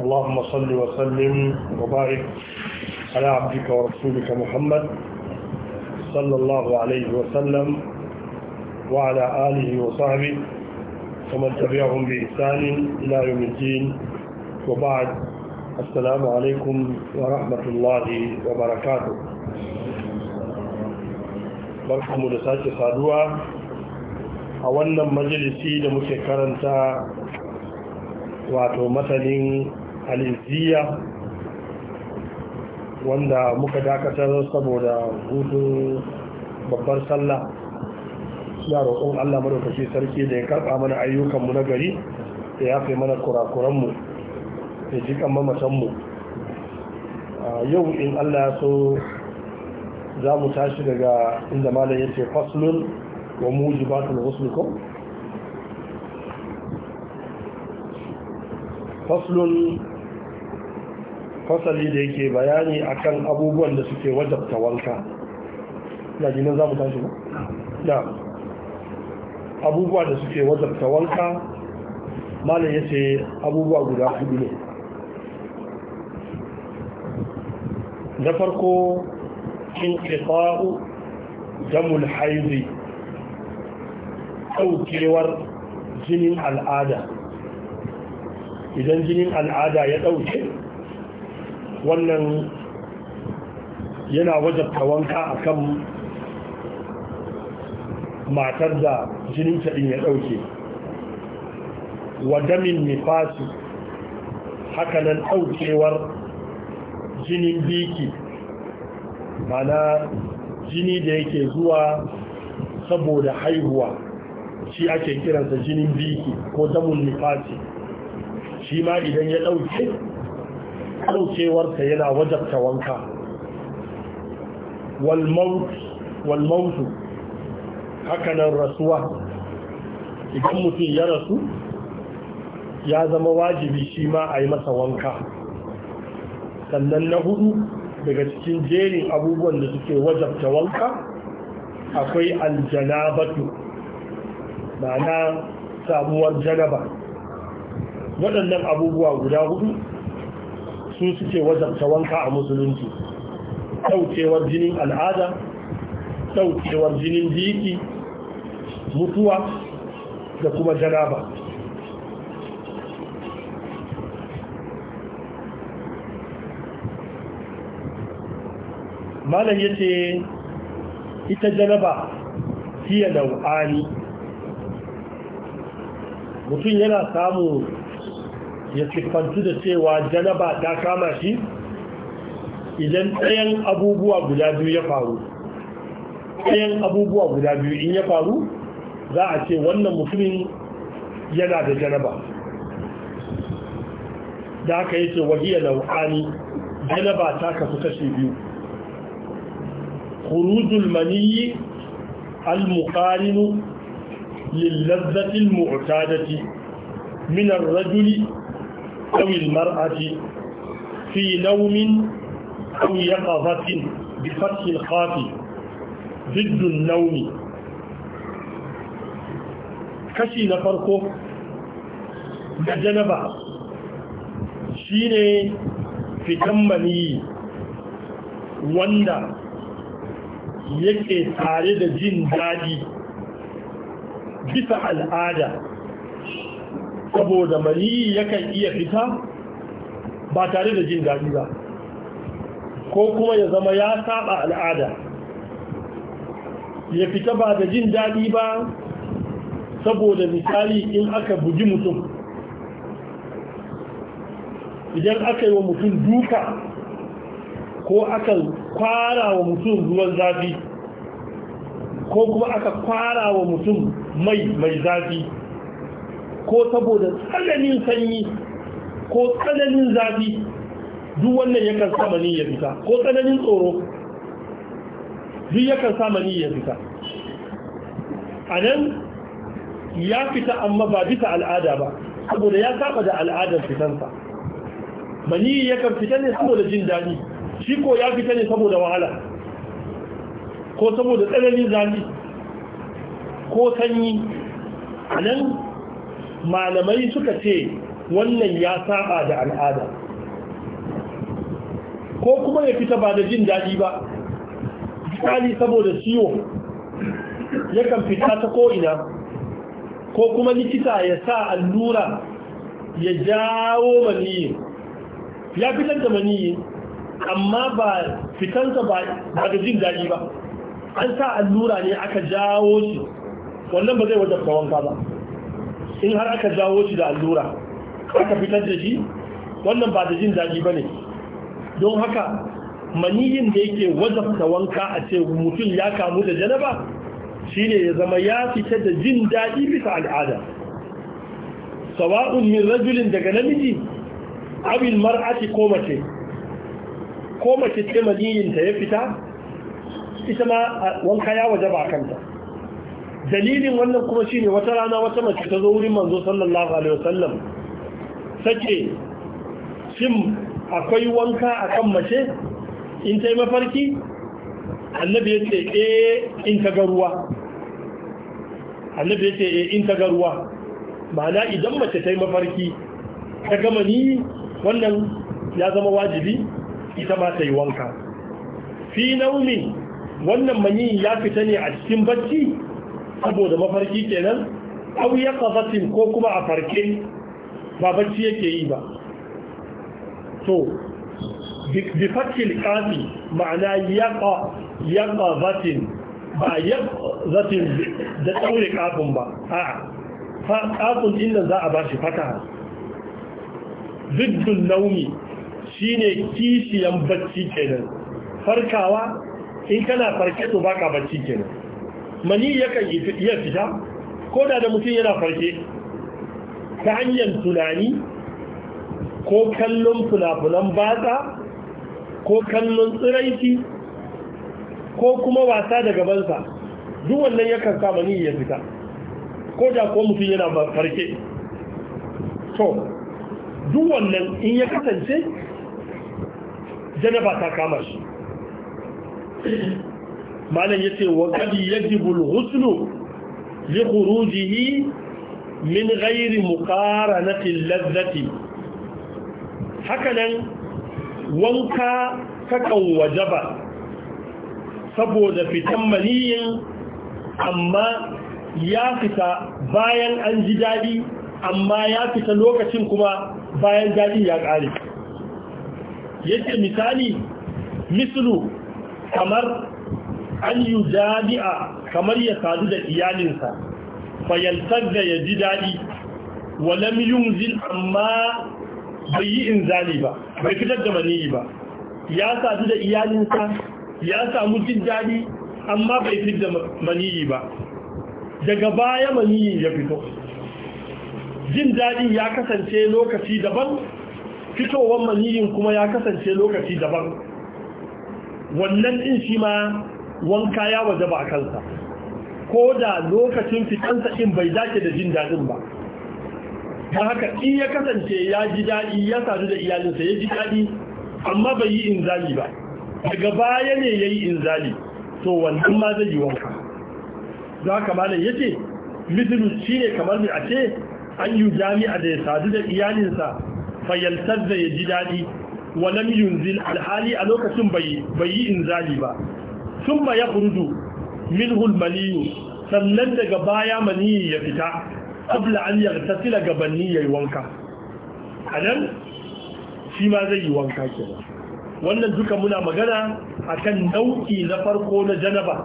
اللهم صل وسلم وبارك على عبدك ورسولك محمد صلى الله عليه وسلم وعلى آله وصحبه ومن تبعهم بإحسان إلى يوم الدين وبعد السلام عليكم ورحمة الله وبركاته برحمة لساتي صادوة أولا مجلسي لمشكرا wato masanin Aliziya, wanda muka dakatar saboda hutun babbar sallah ya roƙon Allah madaukaci sarki da ya karɓa mana ayyukanmu na gari da ya fi mana kurakuranmu da jikan mamatanmu yau in Allah ya so za mu tashi daga inda malam ya ce faslun wa mujibatul husnukum faslun fasali da yake bayani akan abubuwan da suke wajabta wanka ji nan za mu tashi ba? abubuwa da suke wajabta wanka malin ya ce abubuwa guda hudu ne na farko kin ƙifa'u damul haizi ɗaukewar jinin al'ada idan jinin al'ada ya ɗauke wannan yana wajabta wanka kan matar da jinin taɗin ya ɗauke wadamin nifasi hakanan ɗaukewar jinin biki mana jini da yake zuwa saboda haihuwa shi ake kiransa jinin biki ko damun nifasi shi ma idan ya ɗauke ɗaukewarsa yana wajabta wanka walmautu hakanan rasuwa idan mutum ya rasu ya zama wajibi shi ma a yi masa wanka sannan na hudu daga cikin jerin abubuwan da suke wajabta wanka akwai aljanabatu ma'ana samuwar janaba waɗannan abubuwa guda hudu su suke wajen wanka a musulunci ɗaukewar jinin al'ada ɗaukewar jinin jiki mutuwa da kuma janaba malam ya ce ita janaba fiye da wa'ani, mutum yana samun ya siffantu da cewa janaba ta kama shi idan ɗayan abubuwa guda biyu ya faru ɗayan abubuwa guda biyu in ya faru za a ce wannan mutumin yana da janaba da aka yi ce wahiyar nau'ani janaba ta kasu kashe biyu khurujul maniyyi al muƙarinu lillazzati al-mu'tadati min ar-rajuli awil mar'aci fi naumin aw yaqazatin bi fathil khafi ضد النوم kashi na farko da janaba shi ne fitan maniyi wanda yake tare da jin daɗi bisa al'ada saboda mai yakan iya fita ba tare da jin daɗi ba ko kuma ya zama ya saba al'ada ya fita ba da jin daɗi ba saboda misali in aka buji mutum idan aka yi wa mutum duka ko aka kwara wa mutum ruwan zafi ko kuma aka kwara wa mutum mai mai zafi ko saboda tsananin sanyi ko tsananin zafi duk wannan yakan sa mani ya fita ko tsananin tsoro duk yakan sa mani ya fita a nan ya fita amma ba bisa al'ada ba saboda ya saba da al'adar fitansa mani yakan fita ne saboda jin daɗi shi ko ya fita ne saboda wahala ko saboda tsananin zafi ko sanyi a nan malamai suka ce wannan ya saba da al'ada ko kuma ya fita ba da jin daɗi ba misali saboda ciwo yakan fita ta ko'ina ko kuma likita ya sa allura ya jawo maniyi ya fitar da maniyi amma ba fitansa ba da jin daɗi ba an sa allura ne aka jawo shi wannan ba zai wajen wanka ba in har aka jawo shi da allura aka fitar da shi wannan ba da jin daɗi ba ne don haka maniyin da yake wazafta wanka a ce mutum ya kamu da janaba ne ya zama ya fita da jin daɗi bisa al'ada sawa'un min rajulin daga namiji abin maraci ko mace ko mace ce maniyinta ya fita ita ma wanka ya waje ba kanta dalilin wannan kuma shine wata rana wata mace ta zo wurin manzo sallallahu alaihi wasallam sace shin akwai wanka akan mace in tai mafarki annabi ya ce eh in ta ga ruwa annabi ya ce eh in ta ga ruwa ma'ana idan mace ta yi mafarki ta gama ni wannan ya zama wajibi ita ma ta yi wanka fi naumin wannan mani ya fita ne a cikin bacci saboda mafarki kenan aw yaqazatin ko kuma a farke ba bacci yake yi ba to bi fakil qafi ma'ana yaqa yaqazatin ba zatin da daure kafin ba a'a fa kafin inda za a bashi fataha ziddun naumi shine kishiyan bacci kenan farkawa in kana farke to baka bacci kenan mani yakan iya fita ko da da mutum yana farke ta hanyar tunani ko kallon funafunan batsa ko kallon tsiraici ko kuma wasa da gabansa duk wannan yakan sa mani ya fita ko da ko mutum yana farke to duk wannan in ya kasance janaba ta kama shi malam yace wa qad yajibu al-ghusl li khurujihi min ghairi muqaranati al-ladhati hakanan wanka kakan wajaba saboda fitan maniyin amma ya fita bayan an ji daɗi amma ya fita lokacin kuma bayan daɗi ya ƙare yake misali mislu kamar an jami'a kamar ya sadu da iyalinsa fayyantar da ya ji daɗi walam yunzin amma bai yi inzali ba bai fitar da maniyi ba ya sadu da iyalinsa ya samu jin daɗi amma bai fitar da maniyi ba daga baya maniyi ya fito jin daɗin ya kasance lokaci daban fitowar maniyin kuma ya kasance lokaci daban wannan ɗin shi ma wanka ya waje ba a kansa ko da lokacin fitansa in bai dace da jin daɗin ba ta haka in ya kasance ya ji daɗi ya sadu da iyalinsa ya ji daɗi amma bai yi inzali ba daga baya ne ya yi inzali to wannan ma zai yi wanka za ka malam ya ce mitin shi kamar mai a ce an yi jami'a da ya sadu da iyalinsa fayyaltar da ya ji daɗi lam yunzil alhali a lokacin bai yi inzali ba summa yakhruju minhu al-mali sannan daga baya mani ya fita qabla an yaghtasila ya yi wanka nan, shi ma zai yi wanka ke. wannan duka muna magana a kan nau'i na farko na janaba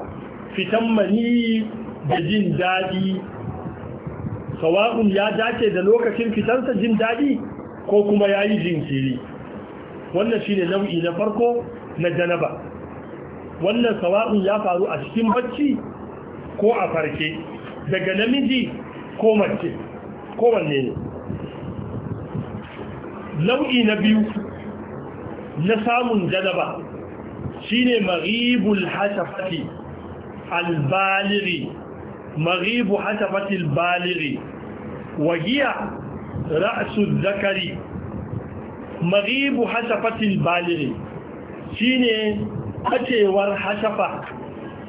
fitan mani da jin daɗi sawa'un ya dace da lokacin fitansa jin daɗi ko kuma ya yi jinkiri wannan shi ne nau'i na farko na janaba wannan sawa'in ya faru a cikin bacci ko a farke daga namiji ko mace ko wanne ne nau'i na biyu na samun janaba shine maghibul hatafati albaliri maghibu hatafati albaliri wahiya ra'su zakari maghibu hatafati albaliri shine bacewar hashafa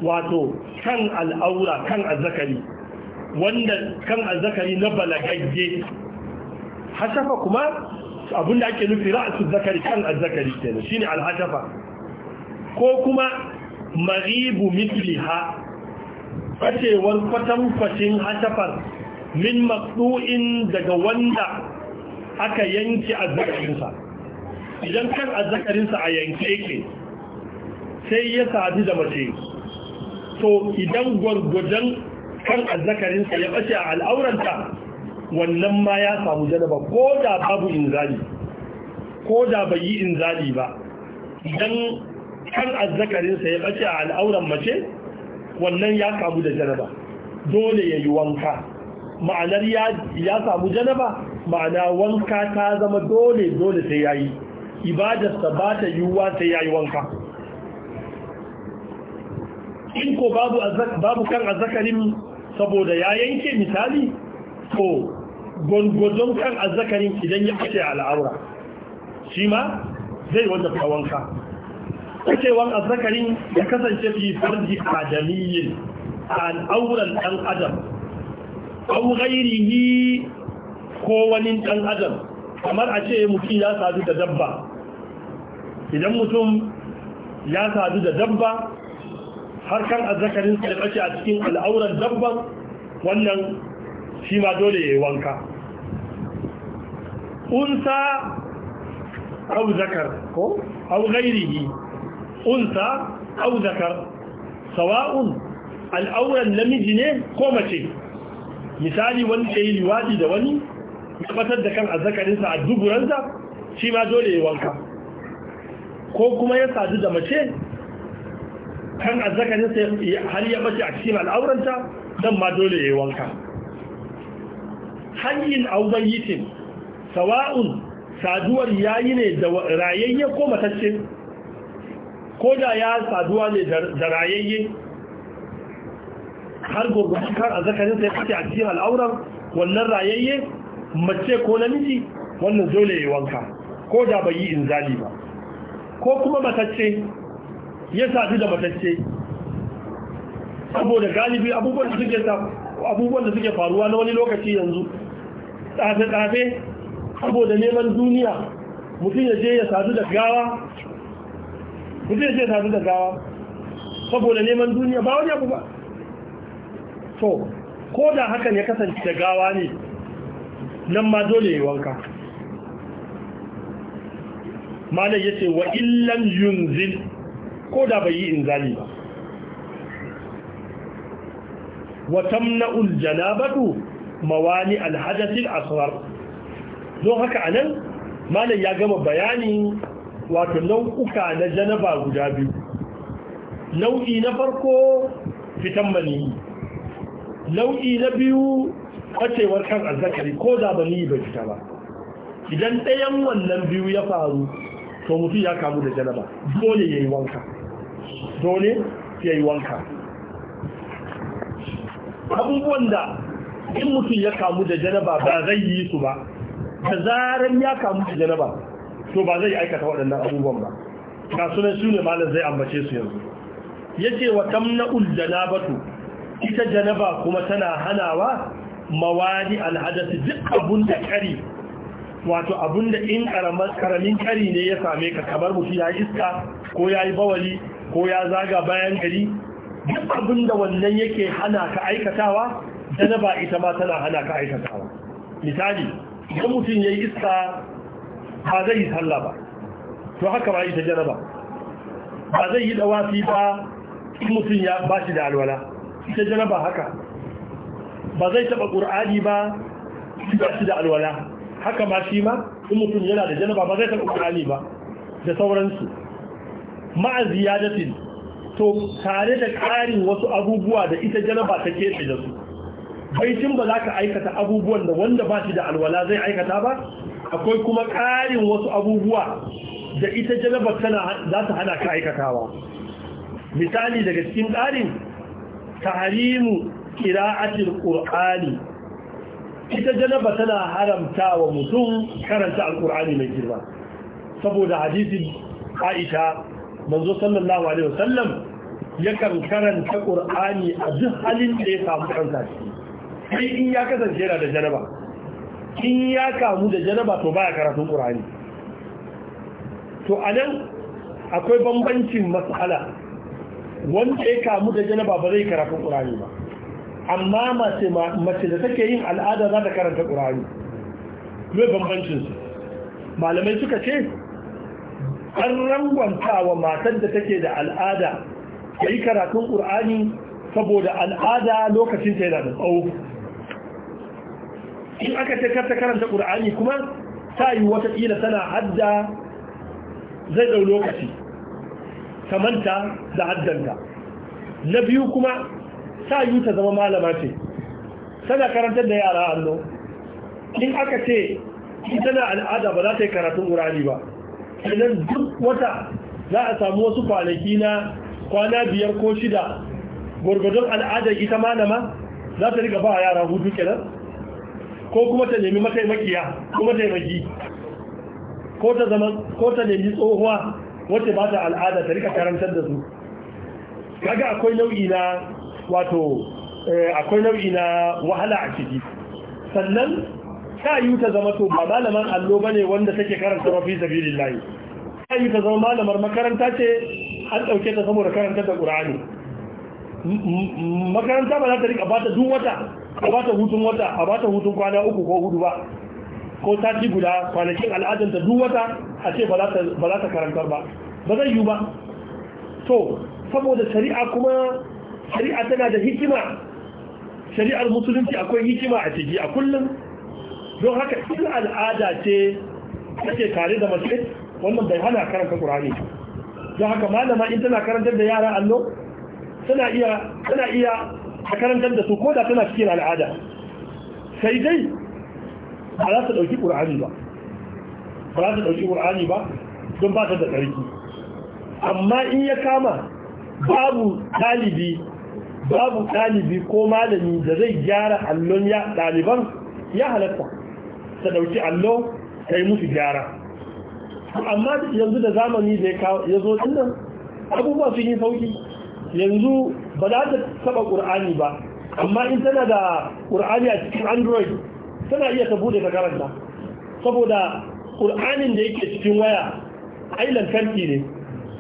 wato kan al'aura kan azzakari wanda kan azzakari na balagagge hashafa kuma abinda ake nufi ra'asu zakari kan azzakari kenan shine al-hashafa ko kuma maribu misliha bacewar kwatankwacin hashafar min matsu'in daga wanda aka yanke azzakarinsa idan kan azzakarinsa a yanke ke. sai ya sadu da mace to idan gwargwajen kan azzakarinsa ya bace a al'auranta wannan ma ya samu janaba ko da babu inzali ko da bai yi inzali ba idan kan azzakarinsa ya bace a al'auran mace wannan ya kamu da janaba dole ya yi wanka ma'anar ya samu janaba ma'ana wanka ta zama dole dole sai ya yi ibadarsa ba ta yiwuwa sai ya yi wanka in ko babu kan azzakarin saboda ya yanke misali ko gwangwadon kan azzakarin idan ya fice al'aura shi ma zai wanda kawanka kacewan azzakarin ya kasance fi farji adamiyyin a al'auran ɗan adam au ko wani ɗan adam kamar a ce mutum ya sadu da dabba idan mutum ya sadu da dabba har kan azzakarin su da bace a cikin al'auran dabban wannan shi ma dole ya yi wanka unsa au zakar ko au gairihi unsa au zakar sawa'un al'auran namiji ne ko mace misali wani ke yi liwaɗi da wani tabbatar da kan sa a duburanta? shi ma dole ya wanka ko kuma ya sadu da mace kan azzakarinsa har ya bace a cikin al'auranta don ma dole ya yi wanka auren yitin sawa'un saduwar yayi ne da rayayye ko matacce ko da ya saduwa ne da rayayye har gurgurci kan azzakarinsa ya bace a cikin al'auran wannan rayayye mace ko namiji wannan dole ya yi wanka ko da bai yi inzali ba ko kuma matacce ya sadu da matacce saboda galibi abubuwan da suke abubuwan da suke faruwa na wani lokaci yanzu tsafe-tsafe saboda neman duniya mutum ya je ya sadu da gawa mutum ya je ya sadu da gawa saboda neman duniya ba wani abu ba so ko da hakan ya kasance da gawa ne nan ma dole yi wanka malai ya ce wa illan yunzil ko da bai yi inzali ba wa tamna'ul janabatu mawani alhadathil asuwar? don haka anan malam ya gama bayani wato nau'uka na janaba guda biyu nau'i na farko fitan mani nau'i na biyu kwacewar kan azzakari ko da bani bai fita ba idan ɗayan wannan biyu ya faru to mutum ya kamu da janaba dole ya yi wanka dole ya yi wanka abubuwan da in mutum ya kamu da janaba ba zai yi su ba da zarar ya kamu da janaba to ba zai aikata waɗannan abubuwan ba ga sunan su ne malar zai ambace su yanzu ya ce wa tamna'ul janabatu ita janaba kuma tana hanawa mawadi alhadasi duk abun da kari wato abun da in karamin kari ne ya same ka kamar mutum ya yi iska ko ya yi bawali ko ya zaga bayan gari duk abin da wannan yake hana ka aikatawa janaba ita ma tana hana ka aikatawa misali idan mutum ya yi iska ba zai yi sallah ba to haka ba ita janaba ba zai yi dawafi ba in mutum ya ba shi da alwala ita janaba haka ba zai taba qur'ani ba ba shi da alwala haka ma shi ma in mutum yana da janaba ba zai taba qur'ani ba da sauransu ya to tare da ƙarin wasu abubuwa da ita janaba ta keɓe da su baicin ba za ka aikata abubuwan da wanda ba shi da alwala zai aikata ba akwai kuma ƙarin wasu abubuwa da ita janaba tana za ta hana ka aikatawa misali daga cikin ƙarin taharimu kira'atil ƙur'ani ita janaba tana haramta wa mutum karanta Alƙur'ani mai girma saboda hadisin Aisha manzo sallallahu alaihi wasallam yakan karanta qur'ani a duk halin da ya samu kansa sai in ya kasance yana da janaba in ya kamu da janaba to baya karatun qur'ani to anan akwai bambancin mas'ala wanda ya kamu da janaba ba zai karatun qur'ani ba amma mace da take yin al'ada za ta karanta qur'ani me bambancin su malamai suka ce an rangwanta wa matar da take da al'ada ta yi karatun ƙur'ani saboda al'ada lokacin ta yana da tsawo in aka ce karta karanta ƙur'ani kuma ta yi watakila tana hadda zai ɗau lokaci kamanta da haddanta na biyu kuma ta yi ta zama malama ce tana karantar da yara allo in aka ce ita na al'ada ba za ta yi karatun ƙur'ani ba kenan duk wata za a samu wasu kwanaki na kwana biyar ko shida gurgudun al'adar ita malama za ta riga ba yara hudu kenan ko kuma ta nemi mataimakiya kuma taimaki ko ta zama ko ta nemi tsohuwa wacce ba ta al'ada ta rika karantar da su kaga akwai nau'i na wato eh, akwai nau'i na wahala a ciki sannan ta yi zama to ba malaman allo bane wanda take karanta mafi sabilillahi ta yi ta zama malamar makaranta ce an dauke ta saboda karanta da qur'ani makaranta ba za ta rika ta duk wata a ta hutun wata a ta hutun kwana uku ko hudu ba ko ci guda kwanakin ta duk wata a ce ba za ta karantar ba ba zai yi ba to saboda shari'a kuma shari'a tana da hikima shari'ar musulunci akwai hikima a ciki a kullum don haka in al'ada ce take tare da mace wannan bai hana karanta ƙur'ani. don haka malama in tana karantar da yara allo tana iya tana karantar da su ko da tana cikin al'ada sai dai ba za su ɗauki ƙur'ani ba ba za su ɗauki ƙur'ani ba don ba ta da tsarki amma in ya kama babu ɗalibi, babu ɗalibi ko malami da zai gyara allon ya ɗaliban ya halatta ta ɗauki allo ta yi musu gyara amma yanzu da zamani da ya zo ɗin abubuwa sun yi sauki yanzu ba za ta saba ƙur'ani ba amma in tana da ƙur'ani a cikin android tana iya ta bude ta karanta saboda ƙur'anin da yake cikin waya ai lantarki ne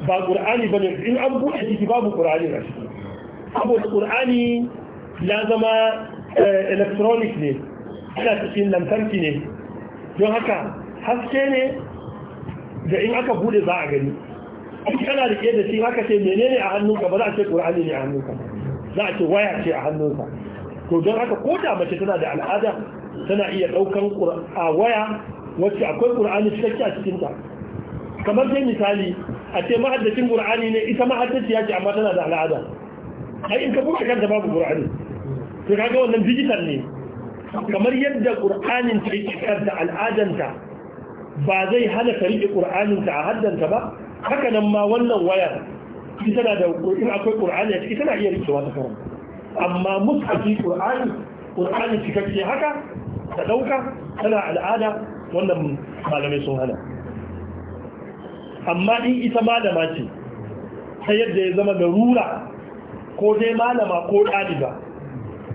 ba ƙur'ani ba ne in an buɗe ciki babu ƙur'ani na saboda ƙur'ani ya zama eh, electronic ne yana cikin lantarki ne don haka haske ne da in aka bude za a gani in kana ke da shi haka ce menene a hannunka ba za a ce qur'ani ne a hannunka za a ce waya ce a hannunka to don haka ko da mace tana da al'ada tana iya daukan a waya wacce akwai qur'ani cikakke a cikin ta kamar dai misali a ce mahaddacin qur'ani ne ita ya ce amma tana da al'ada ai in ka buga kanta babu qur'ani sai kaga wannan digital ne kamar yadda ƙur'anin ta yake karta al'adanta ba zai hana ka riƙe ta a haddanta ba haka nan ma wannan wayar ita tana da in akwai ƙur'ani a ciki tana iya riƙewa wata karanta amma qur'ani, ƙur'ani ƙur'ani cikakke haka ta ɗauka tana al'ada wannan malamai sun hana amma in ita malama ce ta yadda ya zama da rura ko dai malama ko ɗaliba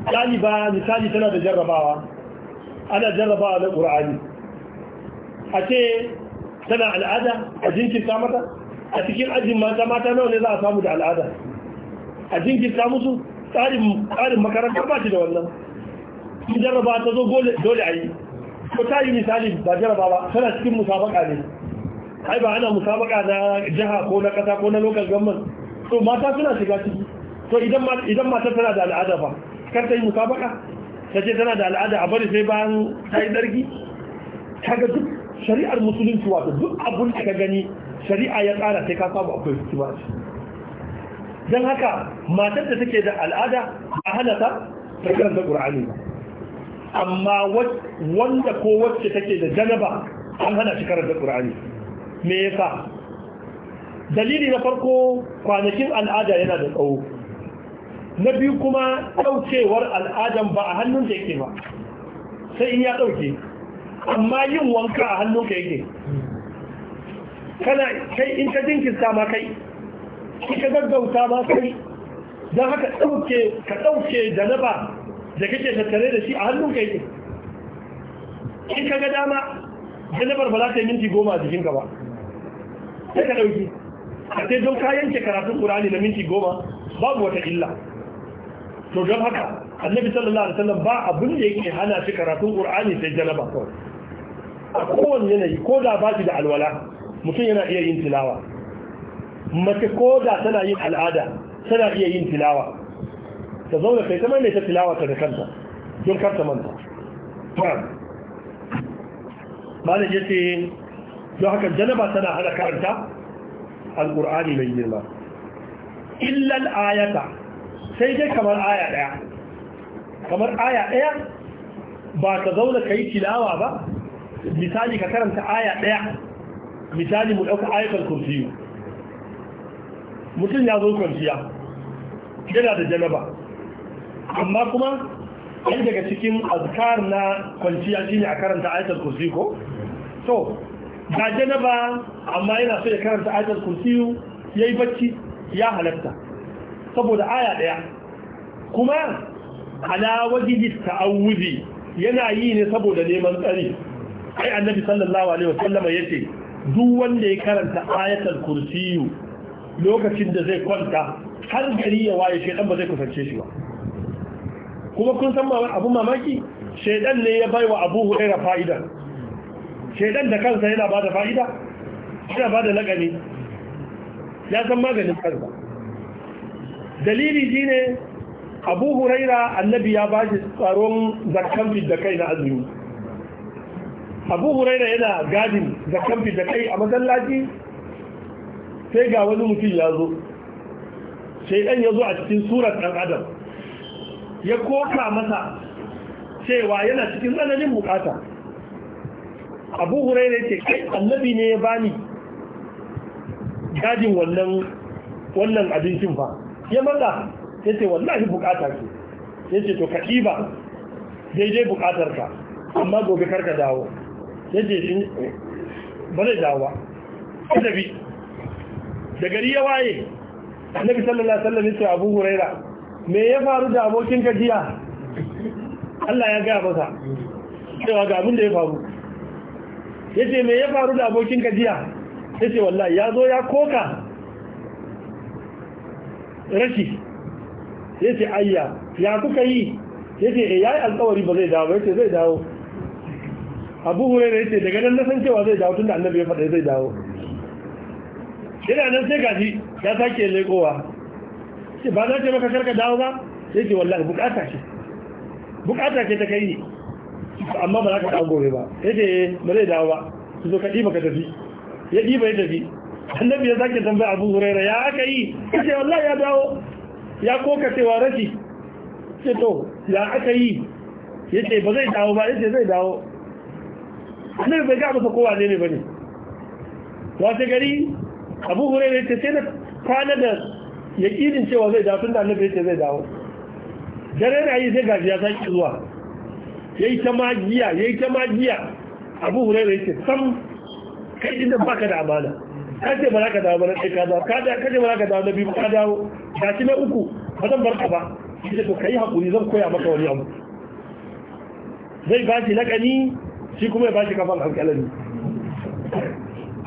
ɗaliba misali tana da jarrabawa ana jarrabawa na ƙur'ani a ce tana al'ada a jinkirta mata a cikin ajin mata mata nawa ne za a samu da al'ada a jinkirta musu tsarin makarantar ba shi da wannan in jarrabawa ta zo dole a yi ko ta yi misali ba jarrabawa? tana cikin musabaka ne ai ba ana musabaka na jiha ko na kasa ko na local government to mata suna shiga ciki to idan matar tana da al'ada ba kar ta yi musabaka ta ce tana da al'ada a bari sai bayan ta yi Ta ga duk shari'ar musulunci wato duk abun da ka gani shari'a ya tsara sai ka samu akwai shi. don haka matar da take da al'ada a hana ta ta da qur'ani ba amma wanda ko wacce take da janaba an hana shi karar da qur'ani me yasa dalili na farko kwanakin al'ada yana da tsawo na biyu kuma ɗaukewar al'adam ba a hannun da yake ba sai in ya ɗauke amma yin wanka a hannun ka yake kana kai in ka jinkirta ma kai in ka gaggauta ma kai don haka ɗauke ka ɗauke da naba da kake tattare da shi a hannun ka yake in ka ga dama janabar ba za ta yi minti goma a jikinka ba sai ka ɗauki a sai don kayan ke karatun ƙurani na minti goma babu wata illa to don haka annabi sallallahu alaihi wasallam ba abin da yake hana shi karatun qur'ani sai janaba kawai a kowane yanayi ko da ba shi da alwala mutum yana iya yin tilawa mace ko da tana yin al'ada tana iya yin tilawa ta zauna kai kamar mai ta tilawa ta da kanta don karta manta malam ya ce don haka janaba tana hana karanta al'ur'ani mai girma illal ayata sai dai kamar aya ɗaya kamar aya ɗaya ba ka zauna ka yi tilawa ba misali ka karanta aya ɗaya misali mu ɗauka ayatul kursiyu mutum ya zo kwanciya yana da janaba amma kuma ɗan daga cikin azkar na kwanciya shine a karanta ayatul kursi ko to ga janaba amma yana so ya karanta ayatul kursi yayi bacci ya halatta saboda aya daya kuma ala wajibi ta'awuzi yana yi ne saboda neman tsari ai annabi sallallahu alaihi wasallama yace duk wanda ya karanta ayatul kursiyu lokacin da zai kwanta har gari ya waye shedan ba zai kusance shi ba kuma kun san abu mamaki shedan ne ya baiwa abu hurairah fa'ida shedan da kansa yana bada fa'ida yana bada lagani ya san maganin kansa dalili ne abu huraira annabi ya bashi tsaron zakan da kai na azumi abu huraira yana gadin zakan da kai a masallaci sai ga wani mutum ya zo sai dan ya zo a cikin surat dan adam ya koka masa cewa yana cikin tsananin bukata abu huraira ce kai annabi ne ya bani gadin wannan wannan abincin fa ya matsa ya ce wallahi bukata ce ya ce to kaɗi ba daidai bukatar ka amma gobe karka dawo ya ce shi ba zai dawo ba ya tafi da gari ya waye annabi sallallahu alaihi wasallam ya ce abu huraira me ya faru da abokin ka jiya Allah ya gaya masa cewa ga abin da ya faru ya ce me ya faru da abokin ka jiya ya ce wallahi ya zo ya koka rashi ya ce ayya ya kuka yi ya ce eh, ya yi alkawari ba zai dawo ba ya ce zai dawo abu hure da ya ce daga nan na san cewa zai dawo tun da annabi ya faɗa zai dawo yana nan sai gaji ya sake laikowa ce ba za ce maka karka dawo ba ya ce wallahi bukata ce bukata ce ta kai amma ba za ka dawo gobe ba ya ce eh, ba zai dawo ba su zo ka ɗiba ka tafi ya ɗiba ya tafi annabi ya zaki tambaya abu huraira ya aka yi kace wallahi ya dawo ya koka cewa rashi ce to ya aka yi yace ba zai dawo ba yace zai dawo annabi bai ga masa kowa ne bane wace gari abu huraira ce sai na kwana da yakinin cewa zai dawo tunda annabi yace zai dawo dare na yi sai gaji ya saki zuwa yayi ta magiya yayi ta magiya abu huraira ce sam kai inda baka da amana Kaje ba za ka dawo ba na ka dawo kaje ba za ka dawo na biyu ka dawo ga shi na uku ba zan bar ka ba shi da to kai hakuri zan koya maka wani abu zai ba shi lakani shi kuma ya ba shi kafan alƙalami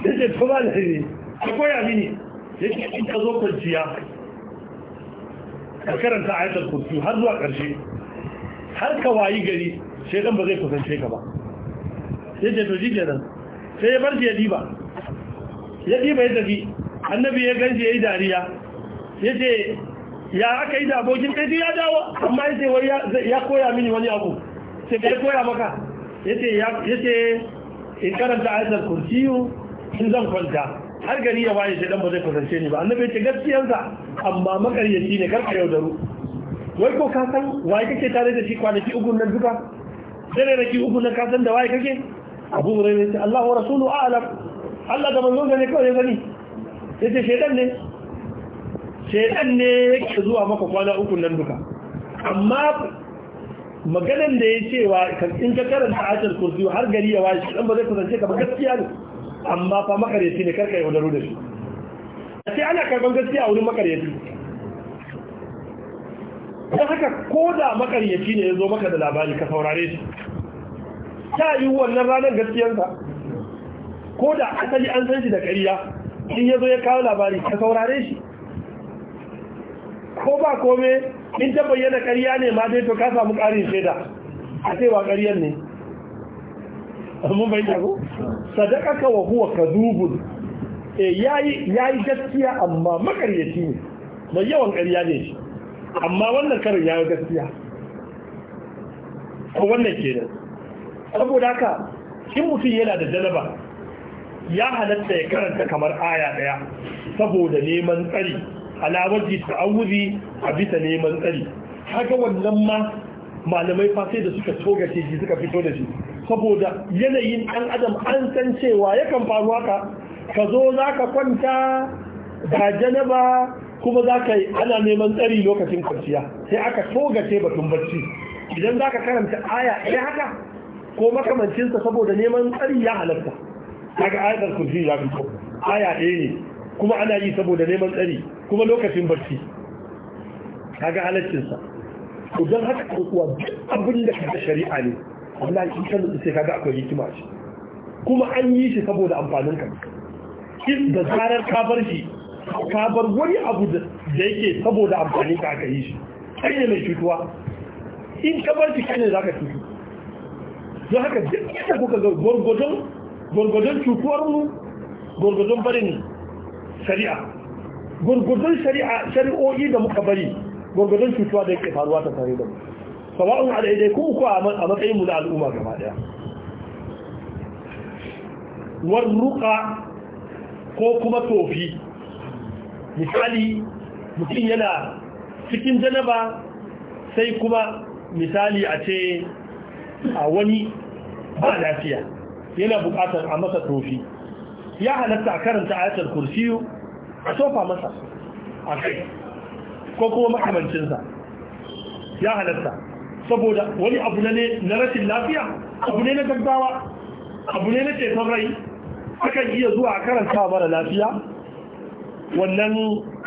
ce to ba da ne a koya mini yake in ka zo kwanciya ka karanta ayatul kursi har zuwa ƙarshe har ka wayi gari shaidan ba zai kusance ka ba ce to shi kenan sai ya bar shi ya diba ya ɗi ya tafi annabi ya ganshi ya yi dariya ya ce ya aka yi da abokin kai ya dawo amma ya ce ya koya mini wani abu sai ka ya koya maka ya ce in karanta ayatul kurciyu in zan kwanta har gari ya waye sai dan ba zai kusance ni ba annabi ya ce gaskiyarsa amma makaryaci ne karka yaudaru wai ko ka san waye kake tare da shi kwanaki uku nan duka sai ne raki uku nan ka san da waye kake abu hurairah ce Allahu rasulu a'alam Allah da manzon da ne kawai ya yace ya ne shaidan ne yake zuwa maka kwana uku nan duka amma maganan da ya cewa in ka karanta ajar kursi har gari ya washe dan ba zai kusance ka ba gaskiya ne amma fa makaryaci ne karka yi wadaru da shi sai ana karban gaskiya a wurin makaryaci don haka ko da makaryaci ne ya zo maka da labari ka saurare shi ta yi wannan ranar gaskiyarsa ko da asali an san shi da ƙariya in ya zo ya kawo labari ka saurare shi ko ba kome in ta bayyana ƙariya ne ma dai to ka samu ƙarin shaida a ce wa ƙaryar ne amma bai ko sadaka ka wa huwa kadubun eh yayi yayi gaskiya amma makaryaci ne mai yawan ƙarya ne shi amma wannan karin yayi gaskiya ko wannan kenan saboda haka kin mutum yana da janaba ya halatta ya karanta kamar aya daya saboda neman tsari ta auri a bisa neman tsari haka wannan ma malamai fa da suka togace shi suka fito da shi saboda yanayin ɗan adam an san cewa yakan faru haka ka zo za ka kwanta ga janaba kuma za ka yi ana neman tsari lokacin kwanciya sai aka togace batun bacci idan za ka karanta aya ɗaya haka ko makamancinsa saboda neman tsari ya halatta daga ayatul kursi ya fito aya ɗaya ne kuma ana yi saboda neman tsari kuma lokacin barci daga halaccin sa to haka kuwa duk abin da ka shari'a ne wallahi in kan sai kaga akwai hikima shi kuma an yi shi saboda amfanin ka in da zarar ka bar shi ka bar wani abu da yake saboda amfanin ka aka yi shi kai ne mai cutuwa in ka bar shi kai ne zaka cutu don haka duk inda kuka ga gwargwadon gwargwadon cutuwarmu gwargwadon barin shari'a gwargwadon shari'o'i da muka bari gwargwadon cutuwa da yake faruwa ta tare da mu sawa'un a kuma ko a matsayin mu na al'umma gaba daya warruka ko kuma tofi misali mutum yana cikin janaba sai kuma misali a ce a wani ba lafiya yana bukatar a masa tofi ya halatta a karanta ayatul kursiyu a tofa masa a kai ko kuma makamancinsa ya halatta saboda wani abu ne na rashin lafiya abu ne na gaggawa abu ne na ceton rai akan iya zuwa a karanta mara lafiya wannan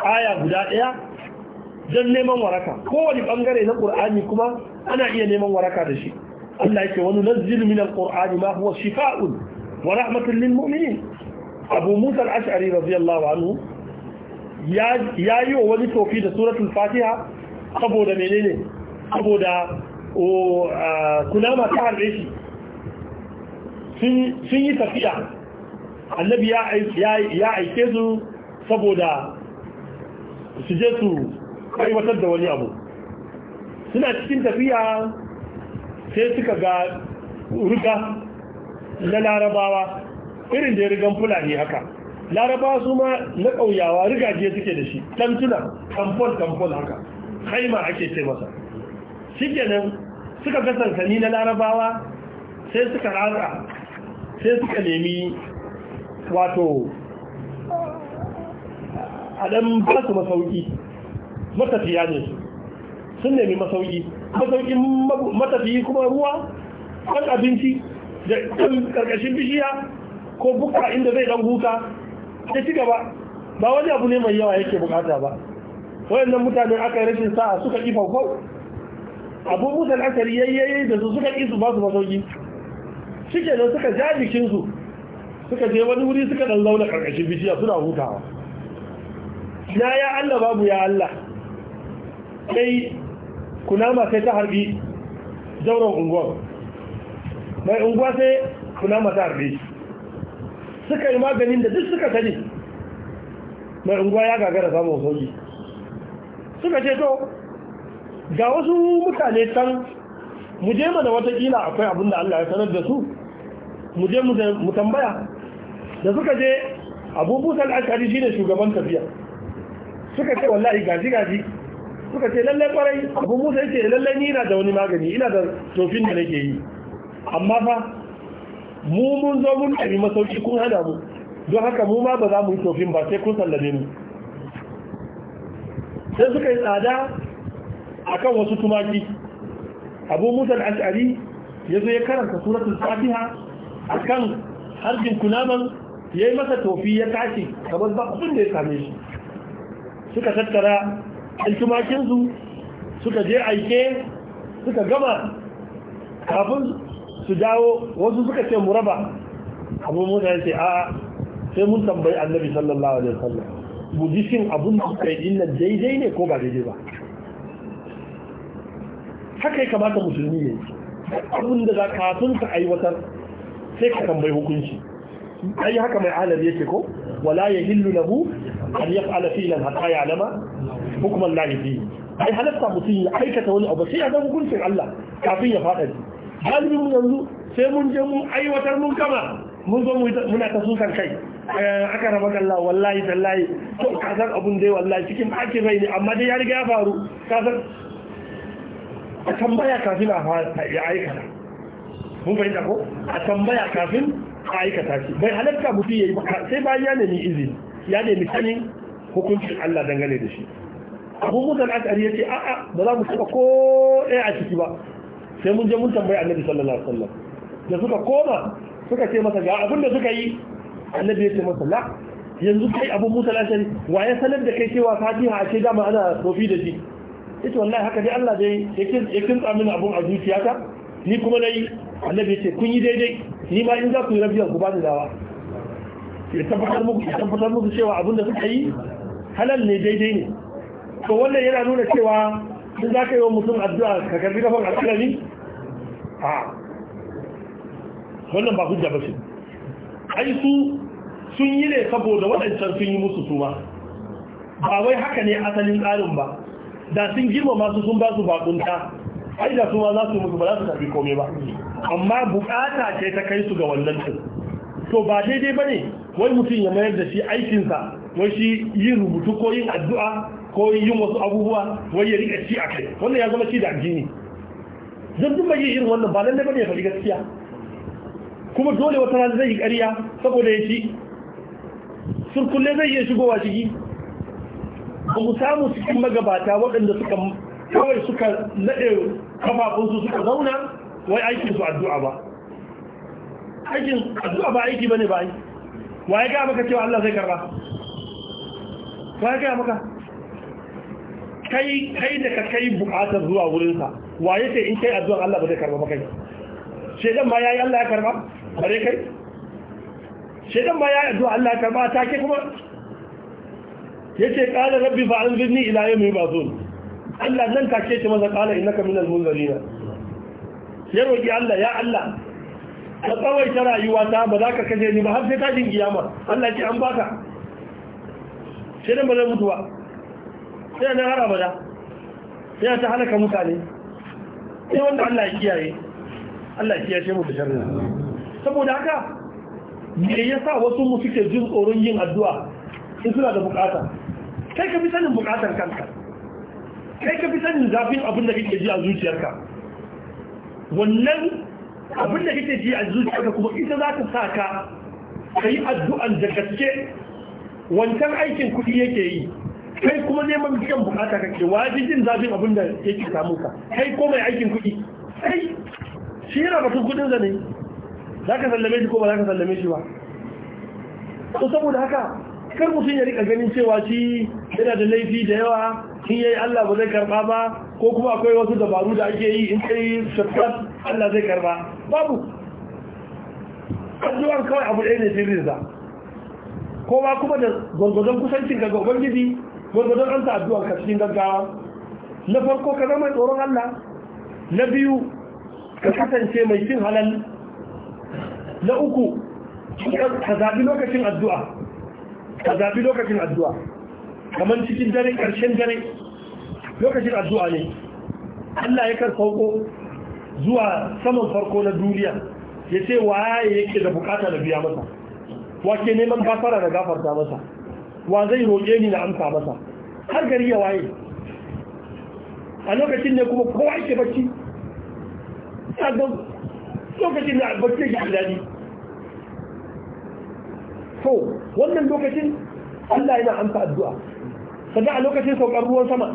aya guda ɗaya don neman waraka kowane ɓangare na ƙur'ani kuma ana iya neman waraka da shi Allah yake wani nazzil min alqur'ani ma huwa shifa'un wa rahmatun lil mu'minin Musa al-Ash'ari anhu ya yi wa wani tofi da suratun Fatiha saboda menene saboda kunama ta harbe shi sun yi tafiya annabi ya aike su saboda su je su kaiwatar da wani abu suna cikin tafiya sai suka ga riga na larabawa irin da ya rigan fulani haka larabawa su ma na ƙauyawa jiya suke da shi tuna kamfon-kamfon haka haima ake ce masa shi kenan suka ga sansani na larabawa sai suka ratsa sai suka nemi wato a ɗan ba su masauki matafiya ne su sun nemi masauki masaukin matafiyi kuma ruwa kan abinci da kan karkashin bishiya ko buka inda zai dan huta ya ci gaba ba wani abu ne mai yawa yake bukata ba wayannan mutanen aka rashin sa'a suka ƙi faufau abu musa al'asari yayyayi da su suka ƙi su ba su masauki shi nan suka ja suka je wani wuri suka ɗan zauna ƙarƙashin bishiya suna hutawa na ya allah babu ya allah sai kunama sai ta harbi zauren unguwar mai unguwa sai kunama ta harbi suka yi maganin da duk suka sani mai unguwa ya gagara samun sauki suka ce to ga wasu mutane can mu je mana watakila akwai abin da Allah ya sanar da su mu je mu tambaya da suka je abubuwan al'ashari shi ne shugaban tafiya suka ce wallahi gaji gaji suka ce lallai kwarai abu musa ce lallai ni ina da wani magani ina da tofin da nake yi amma fa mu mun zo mun ɗari masauki kun hada mu don haka mu ma ba za mu yi tofin ba sai kun sallame mu sai suka yi tsada a kan wasu tumaki abu musa ashari ya zo ya karanta suratul fatiha a kan harbin kunaman ya yi masa tofi ya tashi kamar ba abin da ya same shi suka tattara ɗan tumakinsu suka je aike suka gama kafin su dawo wasu suka ce mu raba abu musa ya ce a sai mun tambayi annabi sallallahu alaihi wasallam mu ji shin abun da suka yi daidai ne ko ba daidai ba haka ya kamata musulmi ne abun da za kafin ka aiwatar sai ka tambayi hukunci ai haka mai alabi yake ko wala yahillu lahu an yaf'ala fi'lan hatta ya'lama hukumar lahi fi ai halatta mutum ya aikata wani abu sai ya zama hukuncin Allah kafin ya faɗa ji galibin mu yanzu sai mun je mun aiwatar mun kama mun zo muna ta susan kai eh, aka raba galla wallahi tallahi to kasar abun dai wallahi cikin ake bai ne amma dai ya riga ya faru kasar a tambaya kafin a ya aikata mun fahimta ko a tambaya kafin a aikata shi bai halatta mutum ya yi sai bayan ya nemi izini ya nemi sanin hukuncin Allah dangane da shi abu musa al'adari ya ce a'a ba za mu taɓa ko ɗaya a ciki ba sai mun je mun tambayi annabi sallallahu alaihi wasallam da suka koma suka ce masa ga abin da suka yi annabi ya ce masa la yanzu kai abu musa al'adari wa ya sanar da kai cewa fatiha a ce dama ana tofi da shi ita wallahi haka dai Allah dai ya kinsa mini abun a zuciyata ni kuma na yi annabi ya ce kun yi daidai ni ma in za ku yi rabiyar ku ba ni dawa ya tabbatar muku cewa abin da suka yi halal ne daidai ne to wannan yana nuna cewa sun za ka yi wa mutum addu'a ka karbi kafan alƙalami a wannan ba hujja ba ce ai su sun yi ne saboda waɗancan sun yi musu suma ba wai haka ne asalin tsarin ba da sun girma masu sun ba su bakunta ai da suma za su musu ba za su tafi kome ba amma bukata ce ta kai su ga wannan to ba daidai ba ne wai mutum ya mayar da shi aikinsa wai shi yin rubutu ko yin addu'a ko yin wasu abubuwa wai ya rika ci a kai wannan ya zama ci da addini zan duba yi irin wannan ba lalle bane ya faɗi gaskiya kuma dole wata rana zai yi ƙarya saboda ya ci surkulle zai iya shigowa ciki ba mu samu cikin magabata waɗanda suka kawai suka naɗe kafafunsu suka zauna wai aikinsu addu'a ba aikin addu'a ba aiki bane ba ai ya ga maka cewa Allah zai karba ya gaya maka kai da ka kai bukatar zuwa wurinsa ya ce in kai addu'an Allah ba zai karba maka shedan ma ya yi Allah ya karba bare kai shedan ma ya yi addu'a Allah ya karba ta ke kuma Ya ce qala rabbi fa anzirni ila yawmi yub'athun Allah nan take ce maza qala innaka minal munzirin ya roki Allah ya Allah ka tsawaita rayuwa ta ba za ka kaje ni ba har sai tashin kiyama Allah ya ce an baka sai dan ba zai mutu ba sai nan har abada sai ta halaka mutane sai wanda Allah ya kiyaye Allah ya kiyaye mu da sharri saboda haka me yasa wasu mu suke jin tsoron yin addu'a in suna da bukata kai ka fi sanin bukatar kanka kai ka fi sanin zafin abin da kake ji a zuciyarka wannan abin da kake ji a zuciyarka kuma ita za ta sa ka ka yi addu'an da gaske wancan aikin kuɗi yake yi kai kuma neman biyan bukata kake wajen jin zafin abin da yake samu ka kai ko mai aikin kuɗi kai shi yana batun kuɗin zane za ka sallame shi ko ba za ka sallame shi ba to saboda haka kar mutum ya rika ganin cewa shi yana da laifi da yawa in yayi Allah ba zai karba ba ko kuma akwai wasu dabaru da ake yi in kai shortcut Allah zai karba babu addu'ar kawai abu ɗaya ne sirrin kowa kuma da gwargwadon kusancin ga ubangiji gwargwadon an addu'ar ka cikin gaggawa na farko ka zama tsoron Allah na biyu ka kasance mai cin halal na uku ka zaɓi lokacin addu'a ka zaɓi lokacin addu'a kamar cikin dare ƙarshen dare lokacin addu'a ne Allah kan sauko zuwa saman farko na duniya ya ce waye yake da bukata da biya masa Wake neman gafara na gafarta masa wa zai roƙe ni na amsa masa har gari ya waye a lokacin ne kuma kowa yake bacci ga lokacin na bacci yake daɗi so wannan lokacin Allah yana amsa addu'a sannan a lokacin saukar ruwan sama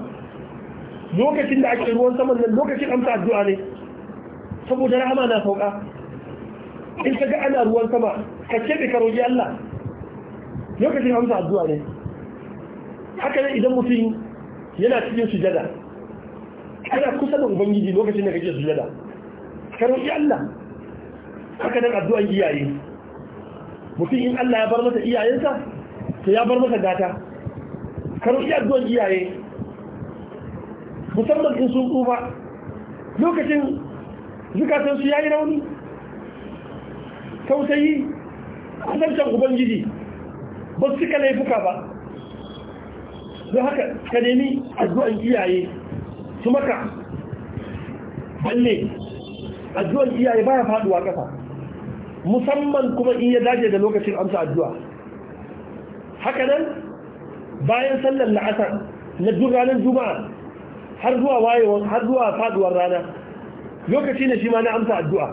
lokacin da ake ruwan sama nan lokacin amsa addu'a ne saboda rahama na sauka in ka ga ana ruwan sama ka keɓe ka Allah lokacin hamsa addu'a ne haka ne idan mutum yana cikin sujada kana kusa da ubangiji lokacin da kake sujada karoji Allah haka nan addu'an iyaye mutum in Allah ya bar masa iyayensa to ya bar masa gata karoji roƙi addu'an iyaye musamman in sun tsufa lokacin zukatansu ya yi rauni tausayi kusancin ubangiji ba su cika laifuka ba don haka ka nemi addu'an iyaye su maka balle addu'an iyaye baya faduwa kasa musamman kuma in ya dace da lokacin amsa addu'a haka nan bayan sallar la'asar na duk ranar juma'a har zuwa wayewa har zuwa faduwar rana lokaci ne shi ma na amsa addu'a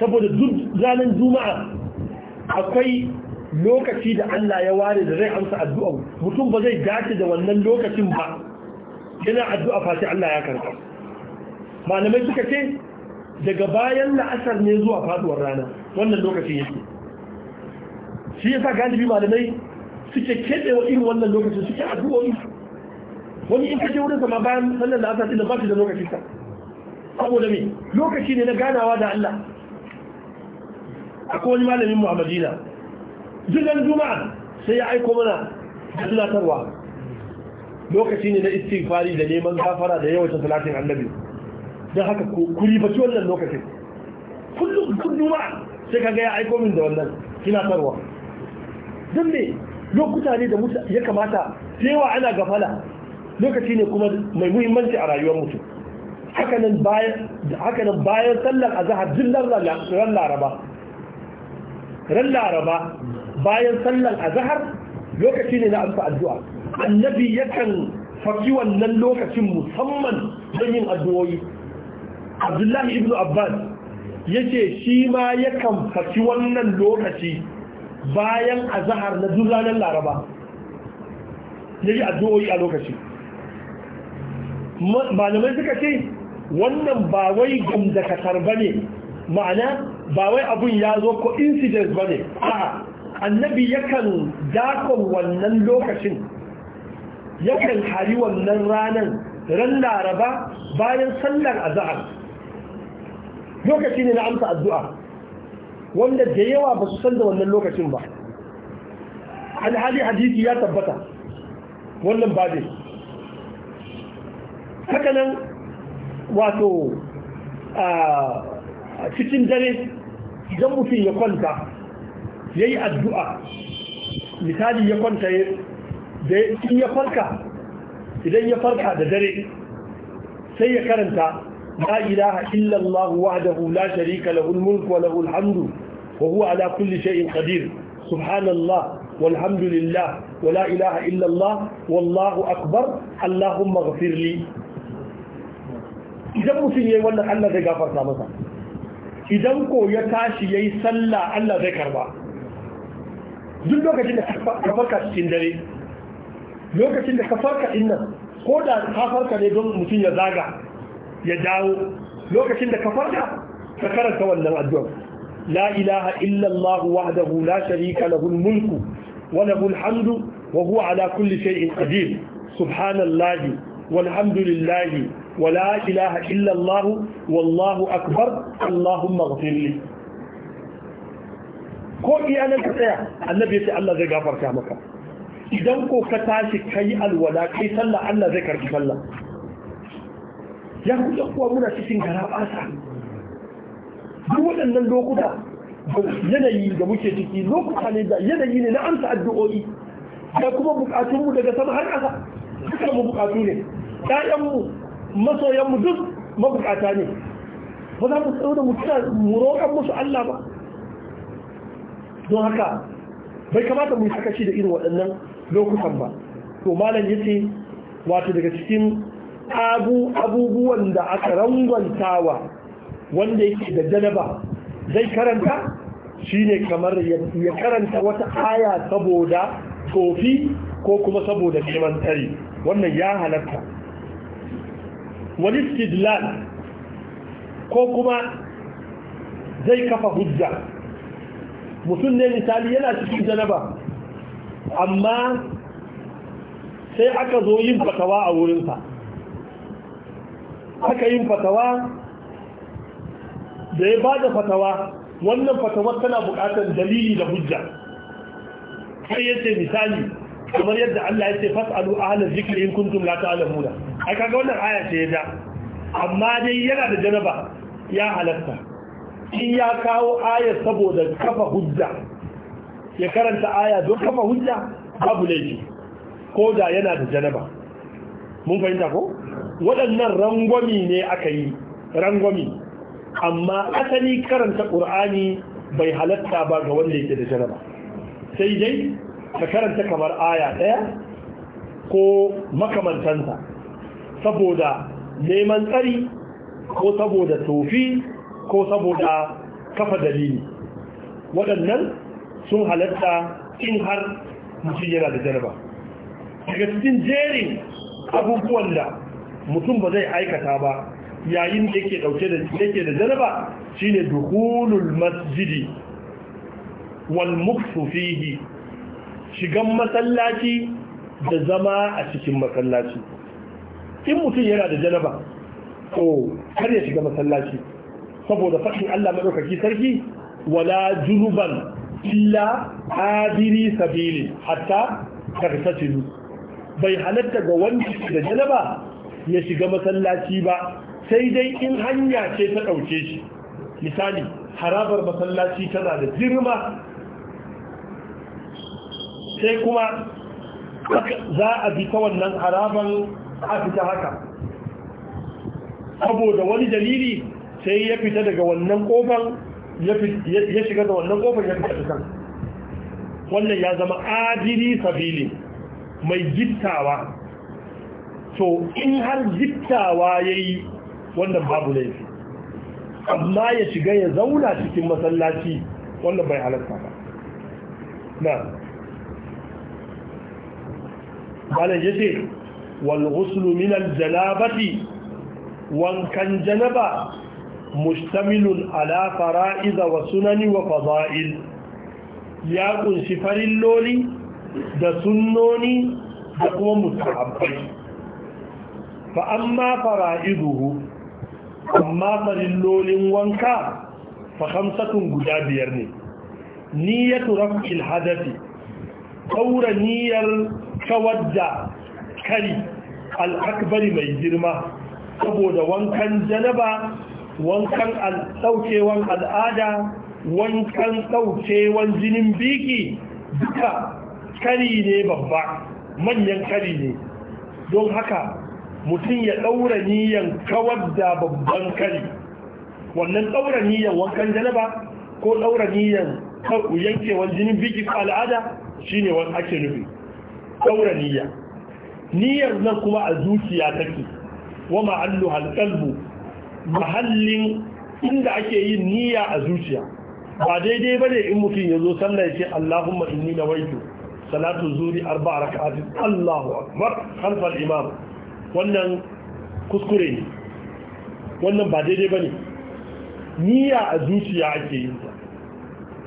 saboda duk ranar juma'a akwai lokaci da Allah ya ware da zai amsa addu'a mutum ba zai dace da wannan lokacin ba yana addu'a fati Allah ya karɓa malamai suka ce daga bayan la'asar ne zuwa faduwar rana wannan lokacin yake shi ya yasa galibi malamai suke keɓe wa irin wannan lokacin suke addu'o'i wani in kaje wurin sama bayan sannan la'asar din ba shi da lokacin sa saboda me lokaci ne na ganawa da Allah akwai wani malamin mu a madina zugan juma'a sai ya aiko mana da tunatarwa lokaci ne na fari da neman gafara da yawancin salatin annabi don haka ku ribaci wannan lokacin kullum juma'a sai kaga ya aiko min da wannan tunatarwa don ne lokuta ne da ya kamata tewa ana gafala lokaci ne kuma mai muhimmanci a rayuwar mutum hakanan bayan sallar zahar jin ran laraba ran laraba bayan sallan azhar lokaci ne na amsa addu'a annabi yakan faki wannan lokacin musamman don yin addu'o'i abdullahi ibn abbas yace shi ma yakan faki wannan lokaci bayan azhar na duk ranar laraba yayi addu'o'i a lokaci malamai suka ce wannan ba wai gamdakatar bane ma'ana ba wai abun ya zo ko incidence ba ne a'a annabi yakan dakon wannan lokacin yakan hari wannan ranar ran laraba bayan sallar azahar lokaci ne na amsa addu'a wanda da yawa ba su san wannan lokacin ba alhali hadisi ya tabbata wannan ba dai nan wato a a cikin dare idan mutum ya kwanta ya yi addu'a misali ya kwanta da in ya farka idan ya farka da dare sai ya karanta la ilaha illallah wahdahu la sharika lahu al-mulku wa lahu al-hamdu wa huwa ala kulli shay'in qadir subhanallah Walhamdulillah, لله ولا إله إلا الله والله أكبر اللهم اغفر لي إذا مسلم يقول لك أنا ذي غفرت idan ko ya tashi ya yi sallah Allah zai karba duk lokacin da ka farka cikin dare lokacin da ka farka din nan ko da ka farka ne don mutum ya zaga ya dawo lokacin da ka farka ka karanta wannan addu'a la ilaha illa Allah wahdahu la sharika lahu mulku wa lahu al wa huwa ala kulli shay'in qadir subhanallahi walhamdulillahi ولا إله إلا الله والله أكبر اللهم اغفر لي ko iya nan ka tsaya annabi ya ce Allah zai gafarta maka idan ko ka tashi kai alwala kai sallah Allah zai karbi sallah ya kuɗa kuwa muna cikin gara basa duk waɗannan lokuta yanayi da muke ciki lokuta ne da yanayi ne na amsa addu'o'i da kuma bukatunmu daga sama har ƙasa duka mu bukatu ne ƴaƴanmu Masoyan mu duk mabukata ne ba za mu tsawo da mu roƙan musu Allah ba don haka bai kamata mu yi sakaci da irin waɗannan lokutan ba to malam yace wato daga cikin abu abubuwan da aka rangwantawa wanda yake da janaba zai karanta shi ne kamar ya karanta wata aya saboda tofi ko kuma saboda neman tari wannan ya halatta wani ko kuma zai kafa hujja mutum ne misali yana cikin janaba amma sai aka zo yin fatawa a wurinsa aka yin fatawa da ya bada fatawa wannan fatawar tana bukatar dalili da hujja sai ya ce misali kamar yadda Allah ya ce fas'alu ahlaz zikri in kuntum la ta'lamuna ai kaga wannan aya ce da amma dai yana da janaba ya halatta in ya kawo aya saboda kafa hujja ya karanta aya don kafa hujja babu laifi ko da yana da janaba mun fahimta ko waɗannan rangwami ne aka yi rangwami amma asali karanta Al-Qur'ani bai halatta ba ga wanda yake da janaba sai dai ka karanta kamar aya ɗaya ko makamantanta saboda neman tsari ko saboda tofi ko saboda kafa dalili waɗannan sun halatta in har mutum yana da jaraba daga cikin jerin abubuwan da mutum ba zai aikata ba yayin da yake dauke da yake da jaraba shine duhulul masjidi wal muksu fihi shigan masallaci da zama a cikin masallaci in mutum yana da janaba to kar ya shiga masallaci saboda faɗin Allah maɗaukaki sarki wala junuban illa adiri sabili hatta karkashin bai halatta ga wanda da janaba ya shiga masallaci ba sai dai in hanya ce ta ɗauke shi misali harabar masallaci tana da girma sai kuma za a bi ta wannan haraban a fita haka saboda wani dalili sai ya fita daga wannan kofan ya shiga da wannan kofan ya fita kan wannan ya zama adiri sabili mai gittawa to in har jittawa ya yi wannan babu laifi amma ya shiga ya zauna cikin masallaci wannan bai halatta ba na malam yace ce walghuslu min aljanabati wankan janaba mustamilun ala fara'iza wa sunani wa fada'il ya kunshi farilloli da sunnoni da kuma mustahabbai fa amma fara'iduhu amma farillolin wanka fa khamsatun guda biyar ne niyyatu raf'il hadathi kaura niyyar kawar da kari al'akbari mai girma saboda wankan janaba wankan al’aukewan al'ada wankan ɗaukewan jinin biki duka kari ne babba manyan kari ne don haka mutum ya ɗaura niyan kawar da babban kari wannan ɗaura niyan wankan janaba ko ɗaura niyan yankewan jinin biki ko al'ada shine wani ake nufi daura niyya niyyar nan kuma a zuciya take wa ma'allu halqalbu mahallin inda ake yin niyya a zuciya ba daidai ba ne in mutum ya yazo sallah yace Allahumma inni nawaitu salatu zuri arba rak'atin Allahu akbar khalfal imam wannan kuskure ne wannan ba daidai ba ne. niyya a zuciya ake yin ta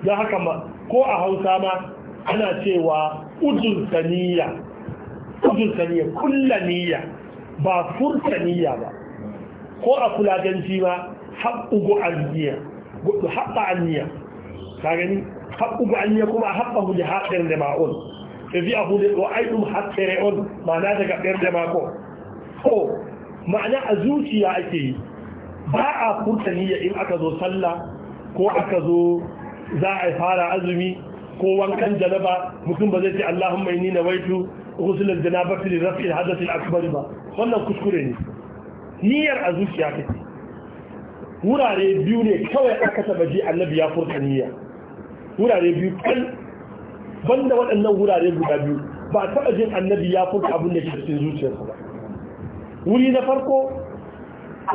don haka ma ko a hausa ma ana cewa ujin saniya saniya kulla niyya ba furta niyya ba ko a fulaganci ba haɓɓugu aliyya gudu haɓɓa aliyya ka gani haɓɓugu aliyya kuma a haɓɓa hudu haɗin da ma'un da fi abu da wa ainihin haɗɗere on ma'ana daga ɗayar da mako ko ma'ana a zuciya ake yi ba a furta niyya in aka zo sallah ko aka zo za a fara azumi ko wankan janaba mutum ba zai ce Allahumma mai nina waitu al janaba fili, raf'i al-hadath akbar ba wannan kuskure ne niyyar a zuciya ce. wurare biyu ne kawai aka taba ji annabi ya furta niyya wurare biyu kan banda waɗannan wurare guda biyu ba taba jin annabi ya furta abin da ke cikin zuciyarsa ba wuri na farko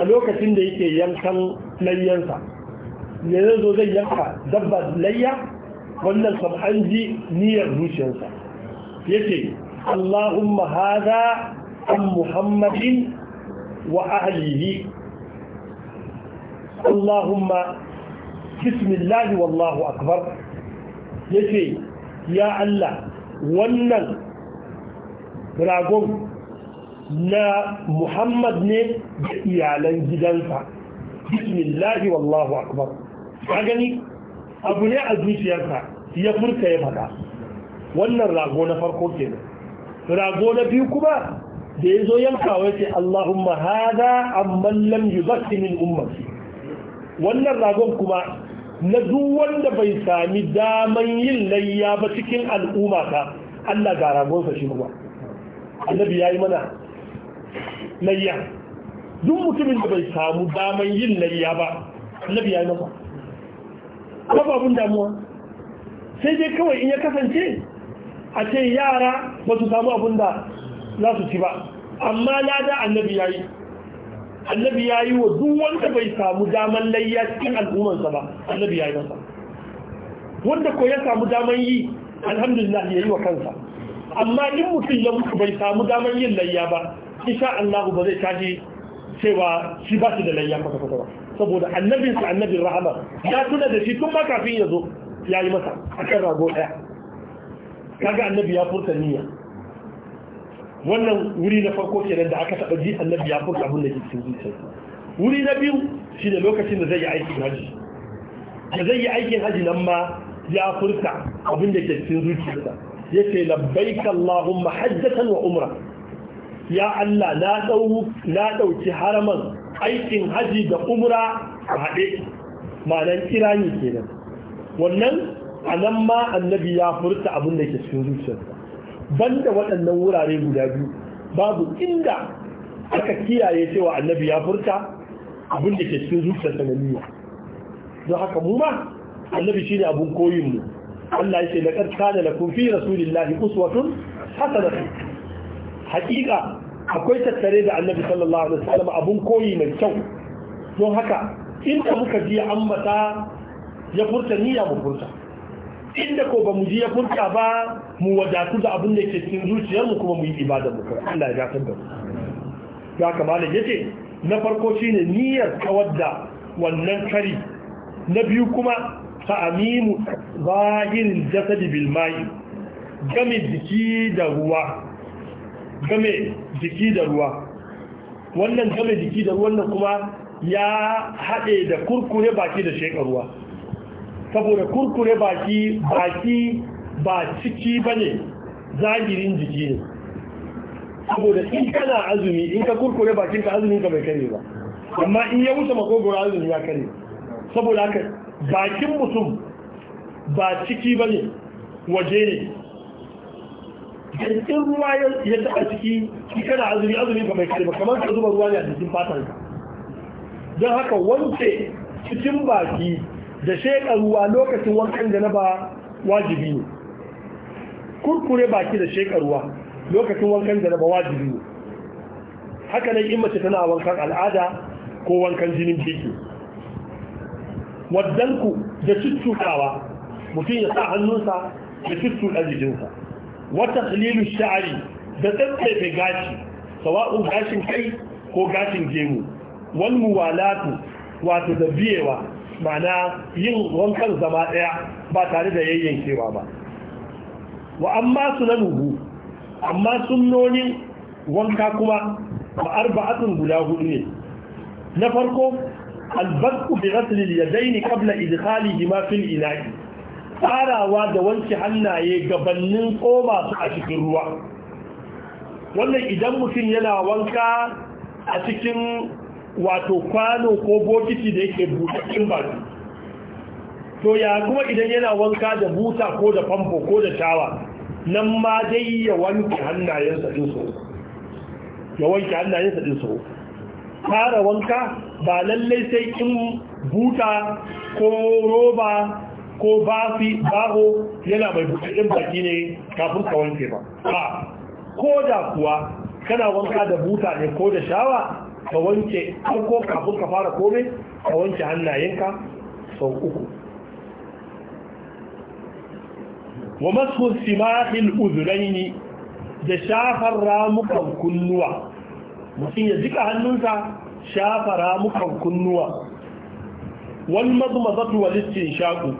a lokacin da yake yankan layyansa ne zai zo zai yanka dabba layya wannan kam an ji niyyar zuciyarsa yake Allahumma hadha an Muhammadin wa ahlihi Allahumma bismillah wallahu akbar ce ya Allah wannan ragon na Muhammad ne da iyalan gidansa bismillah wallahu akbar ka gani abu ne a zuciyarsa ya furta ya faɗa wannan rago na farko ke ne rago na biyu kuma da ya zo yankawa ce Allahumma hada amman lam yubassi min ummati wannan ragon kuma na duk wanda bai sami daman yin layya ba cikin al'umma ta Allah ga ragon sa shi kuma annabi yayi mana layya duk mutumin da bai samu daman yin layya ba annabi yayi ba ababun damuwa sai dai kawai in ya kasance a ce yara ba su samu abin da za su ci ba amma lada annabi ya yi annabi ya yi wa duk wanda bai samu daman layya cikin al'ummarsa ba annabi ya yi masa wanda ko ya samu daman yi alhamdulillah ya yi wa kansa amma in mutum ya mutu bai samu daman yin layya ba isa Allah ba zai tashi cewa shi ba shi da layya kwata-kwata ba saboda annabinsa annabin rahama ya tuna da shi tun ma kafin ya zo ya yi masa a kan rago ɗaya kaga annabi ya furta niyya wannan wuri na farko kenan da aka taɓa ji annabi ya furta abin da ke cikin zuciyarsa wuri na biyu shine lokacin da zai yi aikin haji da zai yi aikin haji nan ma ya furta abin da ke cikin zuciyarsa ce labbaika allahumma hajjatan wa umra ya Allah na dau na dauki haraman aikin haji da umra a haɗe ma'anar kirani kenan wannan a nan ma annabi ya furta abin da ke cikin zuciyarsa banda waɗannan wurare guda biyu babu inda aka kiyaye cewa annabi ya furta abin da ke cikin zuciyarsa na niyya don haka mu ma annabi shine abun koyin mu Allah yake la qad kana lakum fi rasulillahi uswatun hasana hakika akwai tattare da annabi sallallahu alaihi wasallam abun koyi mai kyau don haka inda muka ji ambata ya furta niyya mu furta inda ko ba mu ji ya furta ba mu wadatu da abin da ke cikin zuciyar mu kuma mu yi ibada mu kar Allah ya gafar da mu ya kamata yace na farko shine niyyar kawar da wannan kari na biyu kuma ta'amimu zahirin jasadi bil mai game jiki da ruwa game jiki da ruwa wannan game jiki da ruwan kuma ya haɗe da kurkure baki da shekaruwa saboda kurkure baki baki ba ciki ba ne jiki ne saboda in kana azumi in ka kurkure bakin ka azumin ka bai kare ba amma in ya wuce makogoro azumi ya kare saboda haka bakin mutum ba ciki ba ne waje ne jirgin ruwa ya taɓa ciki kana azumi azumi ka kare ba kamar ka zuba ruwa ne a jikin fatan don haka wance cikin baki da sheƙa ruwa lokacin wankan da na ba wajibi ne kurkure baki da sheƙa ruwa lokacin wankan da na ba wajibi ne haka nan in mace tana wankan al'ada ko wankan jinin jiki. waddanku da cuttukawa mutum ya sa hannunsa da cuttuɗa jikinsa wata halilu sha'ari da tsaffaife gashi sawa'un gashin kai ko gashin gemu wal muwalatu wato da biyewa ma'ana yin wankan zama daya ba tare da yayyankewa ba wa amma sunanuhu amma sunnonin wanka kuma ba arba'atun guda hudu ne na farko albarku bi ghasl al-yadayn qabla idkhalihima fil ina'i tsarawa da wanke hannaye gabannin tsoma su a cikin ruwa wannan idan mutum yana wanka a cikin wato kwano ko bokiti da yake cikin baki to ya kuma idan yana wanka da buta ko da famfo ko da tawa nan ma dai ya wanke hannayensa ɗin so ya wanke hannayensa ɗin so fara wanka ba lallai sai in buta ko roba ko bafi baho yana mai bukaɗin baki ne kafin ka wanke ba ko da kuwa kana wanka da buta ne ko da shawa ka wanke farko kafin ka fara kome, ka wanke hannayenka sau uku wa masu simahil uzurani da shafar ramukan kunnuwa mutum ya jika hannunsa shafa ramukan kunnuwa wani mazmazatu wa listin shaku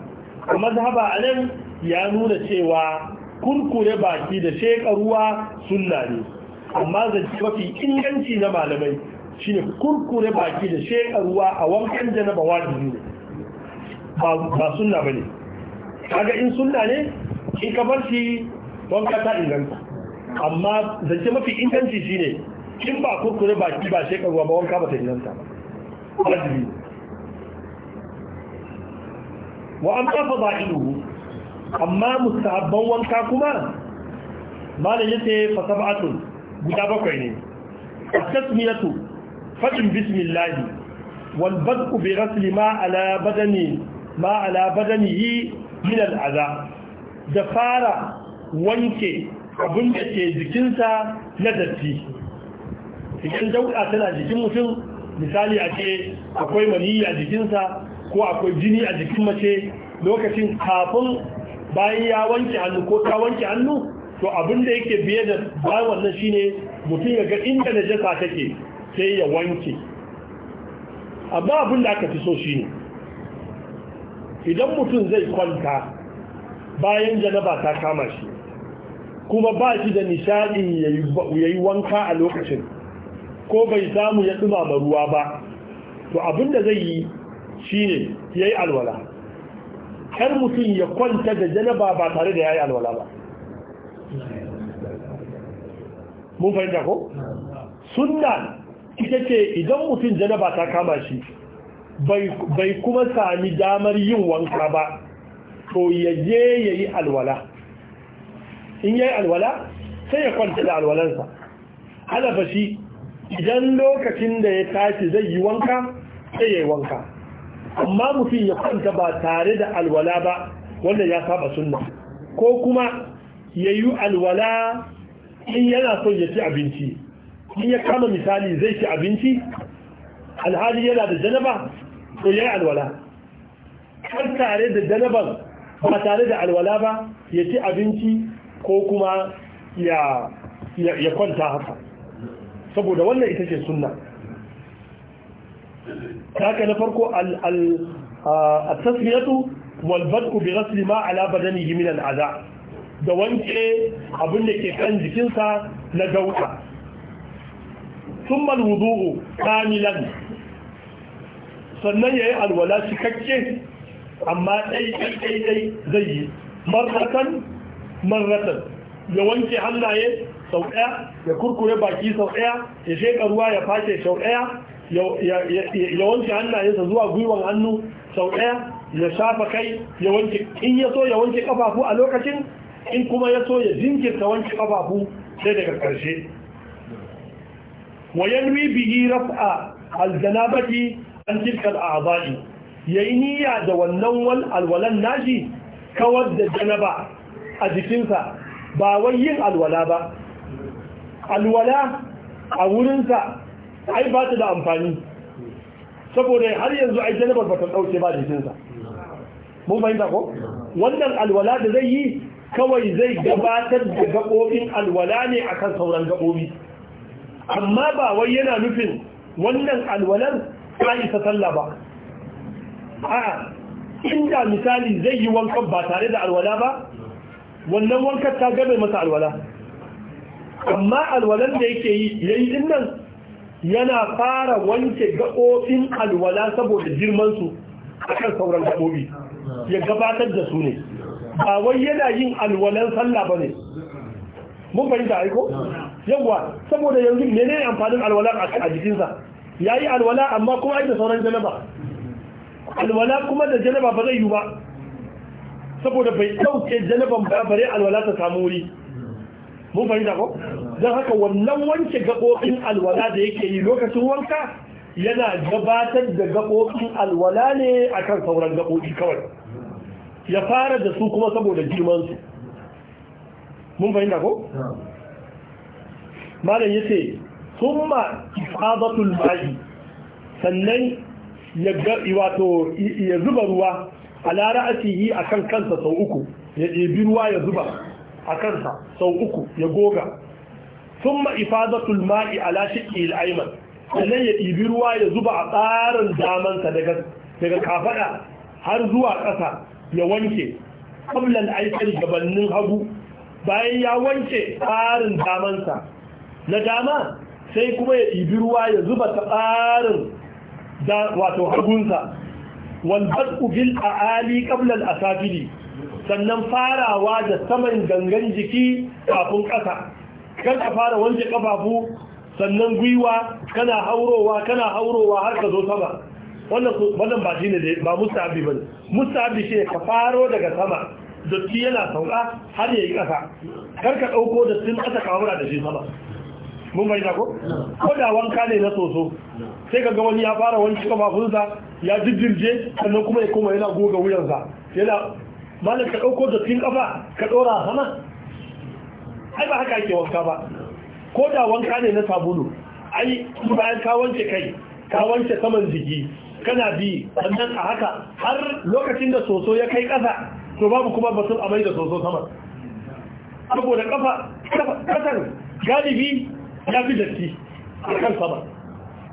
a mazhaba a nan ya nuna cewa kurkure baki da sheƙa ruwa sunna ne amma zance mafi inganci na malamai shine kurkure baki da shekaruwa ruwa a wankan da na bawa wajibi ne ba sunna bane kaga in sunna ne in ka bar shi wanka ta inganta amma zance mafi inganci shine in ba kurkure baki ba shekaruwa ruwa ba wanka ba ta inganta ba wajibi wa an kafa ba'iluhu amma mustahabban wanka kuma malam yace fa sab'atun guda bakwai ne a tasmiyatu faɗin bismillahi wal bad'u bi ghasli ma ala badani ma ala badanihi min al adha da fara wanke abin da ke jikinsa na datti idan dauda tana jikin mutum misali a ce akwai maniyi a jikinsa ko akwai jini a jikin mace lokacin kafin bayan ya wanke hannu ko ta wanke hannu to abin da yake biye da bayan wannan shine mutum ya ga inda najasa take sai ya wanke amma abin da aka fi so shi ne idan mutum zai kwanta bayan janaba ta kama shi kuma ba shi da nishadi ya yi wanka a lokacin ko bai samu ya dumama ruwa ba to abin da zai yi shi ne ya yi alwala har mutum ya kwanta da janaba ba tare da ya yi alwala ba mun fahimta ko? sunna ita ce idan mutum janaba ta kama shi bai kuma sami damar yin wanka ba to ya je ya yi alwala in ya yi alwala sai ya kwanta da alwalansa halafa shi idan lokacin da ya tashi zai yi wanka sai ya yi wanka amma mutum ya kwanta ba tare da alwala ba wanda ya saba sunna ko kuma ya yi alwala in yana son ya ci abinci in ya kama misali zai ci abinci alhali yana da janaba ko ya yi alwala kan tare da janaban ba tare da alwala ba ya ci abinci ko kuma ya kwanta haka saboda wannan ita ce sunna haka na farko al-tasmiyatu walbad'u bi ghasli ma ala badanihi min al da wanke abin da ke kan jikinsa na dauka sun malwudu kamilan sannan ya yi alwala cikakke amma ɗai-ɗai-ɗai zai yi marratan marratan ya wanke hannaye sau ɗaya ya kurkure baki sau ɗaya ya sheƙa ruwa ya fashe sau ɗaya ya wanke sa zuwa gwiwan hannu sau ɗaya ya shafa kai ya wanke in ya so ya wanke ƙafafu a lokacin in kuma ya so ya jinkirta wanke ƙafafu sai daga ƙarshe وينوي به رفع الجنابة عن تلك الأعضاء يأني يعد والنول الولا الناجي كود الجنبة أجكنسا باوين الولا با الولا أولنسا أي بات دا أمفاني saboda har yanzu ai janabar ba ta dauke ba jikinsa mun fahimta ko wannan alwala da zai yi kawai zai gabatar da gaɓoɓin alwala ne akan sauran gaɓoɓi amma ba wai yana nufin wannan alwalar ta isa sallah ba a inda misali zai yi wankan ba tare da alwala ba wannan wankan ta gabe masa alwala amma alwalan da yake yi yayi din nan yana fara wanke gaɓoɓin alwala saboda girmansu su kan sauran gaɓoɓi ya gabatar da su ne ba wai yana yin alwalan sallah ba ne mun fahimta aiko yawwa saboda yanzu ne amfanin alwala a jikinsa ya yi alwala amma kuma ai da sauran janaba alwala kuma da janaba ba zai yi ba saboda bai ɗauke janaban ba bare alwala ta samu wuri mun fahimta ko don haka wannan wanke gaɓoɓin alwala da yake yi lokacin wanka yana gabatar da gaɓoɓin alwala ne akan sauran gaɓoɓi kawai ya fara da su kuma saboda girmansu mun fahimta ko malam yace thumma ifadatul ma'i sannan ya wato ya zuba ruwa ala ra'atihi akan kansa sau uku ya ɗebi ruwa ya zuba a kansa sau uku ya goga thumma ifadatul ma'i ala shiqqi al-ayman sannan ya ɗebi ruwa ya zuba a tsarin damansa daga daga kafada har zuwa ƙasa ya wanke qabla al-aykal gabanin hagu bayan ya wanke tsarin damansa na dama sai kuma ya ibi ruwa ya zuba ta ɓarin da wato hagunsa walbat ubil a ali al-asafili sannan farawa da saman gangan jiki kafin ƙasa kan ka fara wanke ƙafafu sannan gwiwa kana haurowa kana haurowa har ka zo sama wannan ba shi ne ba ba bane mustahabi shi ka faro daga sama dotti yana sauka har yi ƙasa kar ka ɗauko da sun ƙasa ka da shi sama mun bai dako ko da wanka ne na soso sai ga wani ya fara wanki kafafunsa ya jijjirje sannan kuma ya koma yana goga wuyansa yana malam ka ɗauko da cikin kafa ka ɗora sama ai ba haka ake wanka ba ko da wanka ne na sabulu ai bayan ka wanke kai ka wanke saman jiki kana bi sannan a haka har lokacin da soso ya kai ƙasa to babu kuma batun amai da soso sama saboda kafa kasar galibi ya fi datti a kan sama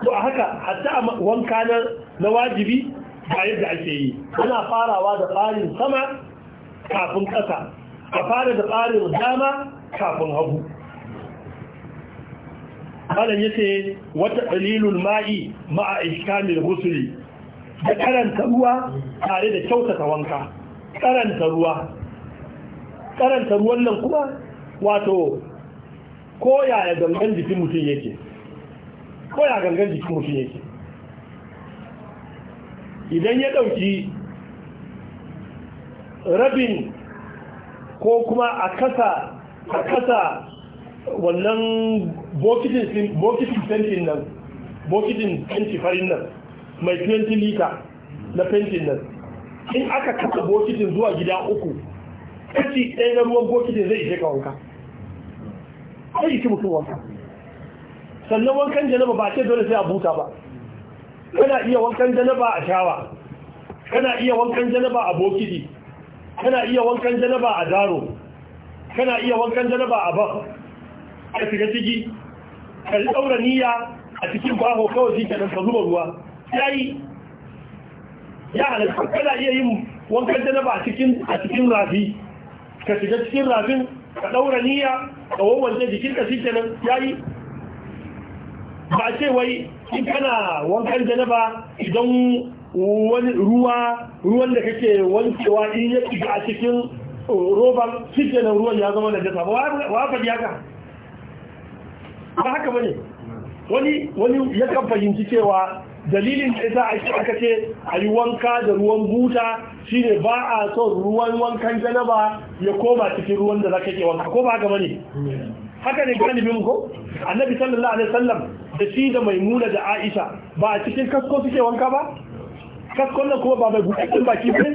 to a haka hatta wanka na wajibi ba yadda ake yi ana farawa da tsarin sama kafin ƙasa a fara da tsarin dama kafin hagu malam ya ce wata dalilun ma'i ma'a iskamin husuli da karanta ruwa tare da kyautata wanka karanta ruwa karanta ruwan nan kuma wato ko gangan jikin mutum yake ko ya gangan jikin mutum yake idan ya ɗauki rabin ko kuma a kasa a kasa wannan bokitin fentin nan bokitin fenti farin nan mai 20 lita na fentin nan in aka kasa bokitin zuwa gida uku kashi ɗaya na ruwan bokitin zai shekawanka ya jiki mutum wanka sannan wankan janaba ba ce dole sai a buta ba kana iya wankan janaba a shawa kana iya wankan janaba a bokidi kana iya wankan janaba a daro kana iya wankan janaba a ba a shiga ciki ka daura niyya a cikin baho kawai shi kadan ka zuba ruwa yi, ya halatta kana iya yin wankan janaba a cikin rafi ka shiga cikin rafin ka ɗaura niyya ka wawance jikinka shi nan ya yi ba ce wai in kana wankan janaba idan wani ruwa ruwan da kake wankewa in ya shiga a cikin uh, roban shi nan ruwan ya zama najasa ba wa biya haka ba haka bane wani wani ya kan fahimci cewa dalilin da yasa ake aka ce a yi wanka da ruwan buta shine ba a son ruwan wankan janaba ya koma cikin ruwan da za ka ke wanka ko ba gama ne haka ne galibin ko annabi sallallahu alaihi wasallam da shi da maimuna da aisha ba a cikin kasko suke wanka ba kaskon nan kuma ba mai buɗaɗɗen baki ba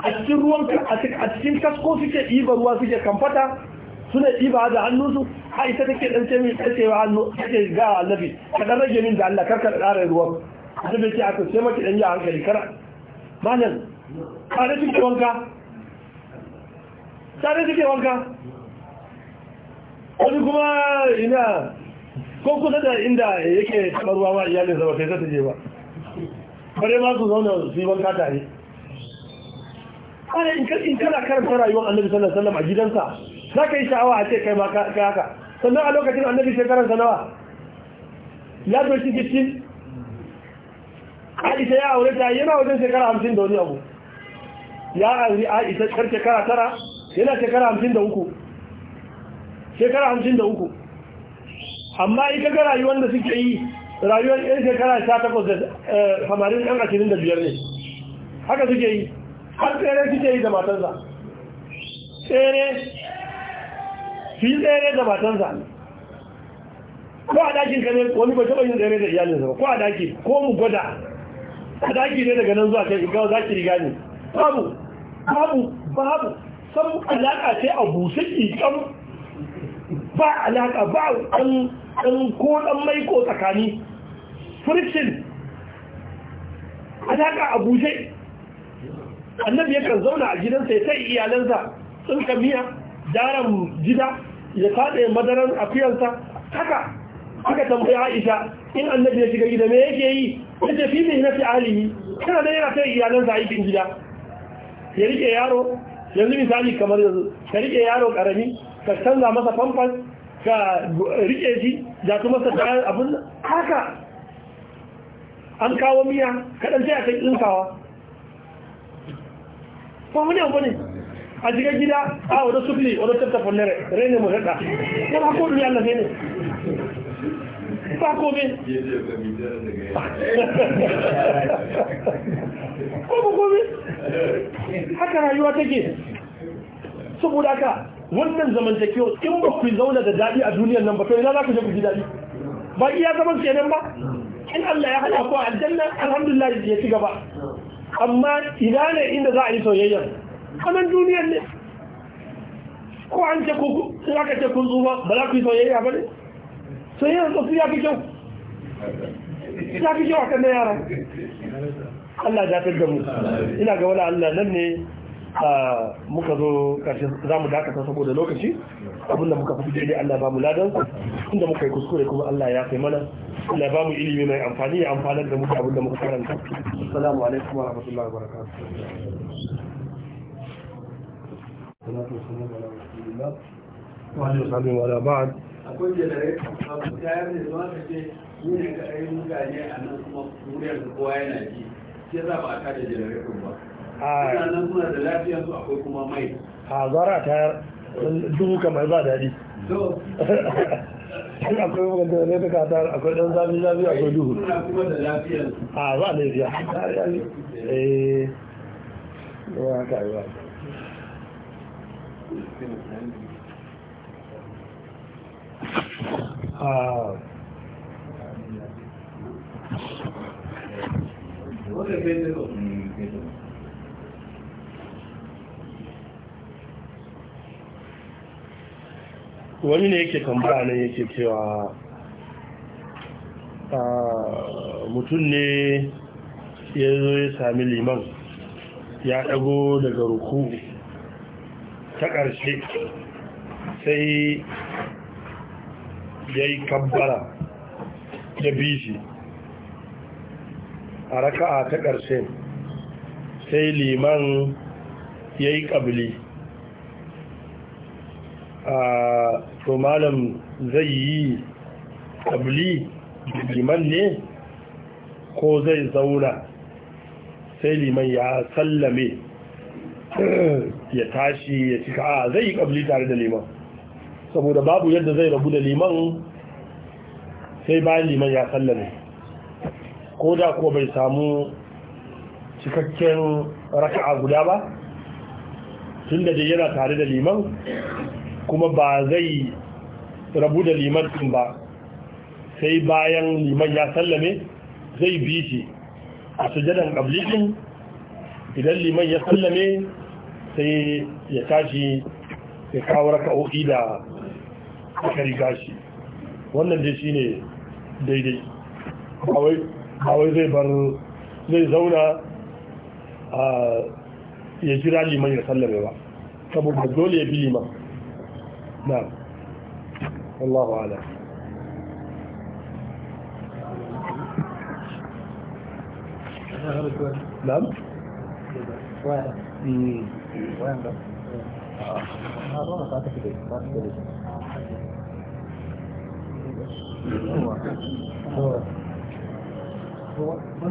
a cikin ruwan a cikin kasko suke ɗiba ruwa suke kamfata suna ɗiba da hannunsu aisha take dan ce min kace wa hannu take ga annabi ka dan rage min da Allah kar ka ƙara ruwa annabi ce aka sai maki dan ya hankali kar malam kare take wanka kare take wanka wani kuma ina ko kusa da inda yake tabarwa ma iyalin zama sai ta je ba bare ma su zauna su yi wanka tare kare in kana karanta rayuwar annabi sallallahu alaihi wasallam a gidansa za ka yi sha'awa a ce kai ma ka haka sannan a lokacin annabi shekaransa nawa ya doshi giftin aisha ya aure ta yana wajen shekara hamsin da wani abu ya aure aisha kar shekara tara yana shekara hamsin da uku shekara hamsin da uku amma ita ga rayuwar da suke yi rayuwar yan shekara sha takwas da samarin eh, yan ashirin da biyar ne haka suke yi har tsere suke yi da matansa tsere su tsere da matansa ko a dakin kane wani ba taɓa yin tsere da iyalinsa ba ko a daki ko mu gwada a daki ne daga nan zuwa kai in gawa za ki riga ne babu babu babu san alaƙa ce a busa ƙiƙan ba alaƙa ba ɗan ɗan ko ɗan maiko tsakani friction alaƙa a bushe annabi yakan zauna a gidansa ya sai iyalansa sun kamiya daren gida ya kaɗe madaran akuyarsa haka haka tambaya aisha in annabi ya shiga gida me yake yi ya ce fi mai nafi alihi kana da yana iyalan sa aikin gida ya rike yaro yanzu misali kamar yanzu ka rike yaro karami ka canza masa famfan ka rike shi ja su masa kayan abin haka an kawo miya kaɗan sai a kan tsinkawa wani abu ne a cikin gida a wadda sufli wadda tattafa rai rene mu hada ko ba ne ba ko ba haka rayuwa take saboda haka wannan zamantakewa in ba ku zauna da daɗi a duniyar nan ba to ina za ku je ku ji daɗi ba iya zaman kenan ba in Allah ya hada ku aljanna alhamdulillah ya ci gaba amma ina ne inda za a yi soyayya a duniyar ne ko an ce ko za ka ce kun tsufa ba za ku yi soyayya ba ne soyayya su ya fi kyau ya fi kyau a kan na yara Allah ya fi gamu ina ga wani Allah nan ne muka zo karshen za mu dakata saboda lokaci da muka fi daidai Allah ba mu ladan inda muka yi kuskure kuma Allah ya kai mana Allah ba mu ilimi mai amfani ya amfanar da muka da muka karanta assalamu alaikum wa rahmatullahi wa barakatuh Akwai wassalamu ala rasulillah wa alihi wa sahbihi wa a akwai jelare abu ne a nan kuma duniyar da kowa yana ji ke za ba a kada jelare ba a nan suna da lafiyar su akwai kuma mai a zara tayar dubu kamar ba daɗi in akwai makarantar ne ta katar akwai ɗan zafi zafi akwai duhu a ba laifiya A yi eh ba a yi ba Ah, wani ne yake tambaya nan yake cewa ah, mutum ne ya zo ya sami liman ya ɗago daga ruku ta ƙarshe sai ya yi kabbara ya bi shi a raka'a ta ƙarshe sai liman ya yi ƙabli a malam zai yi ƙabli liman ne ko zai zauna sai liman ya sallame ya tashi ya cika a zai yi ƙabli tare da liman saboda babu yadda zai rabu da liman sai bayan liman ya sallame ko da kuwa bai samu cikakken raka'a guda ba tun da dai yana tare da liman kuma ba zai rabu da liman ɗin ba sai bayan liman ya sallame zai bi shi a sujadan ƙabli idan liman ya sallame sai ya tashi ya kawo raka'o'i da aka riga shi wannan dai shi ne daidai kawai zai bar zai zauna a ya jira liman ya sallame ba saboda dole ya bi liman na Allah wa'ala Nam? waya wayan ba na zo na sata fide ba su da shi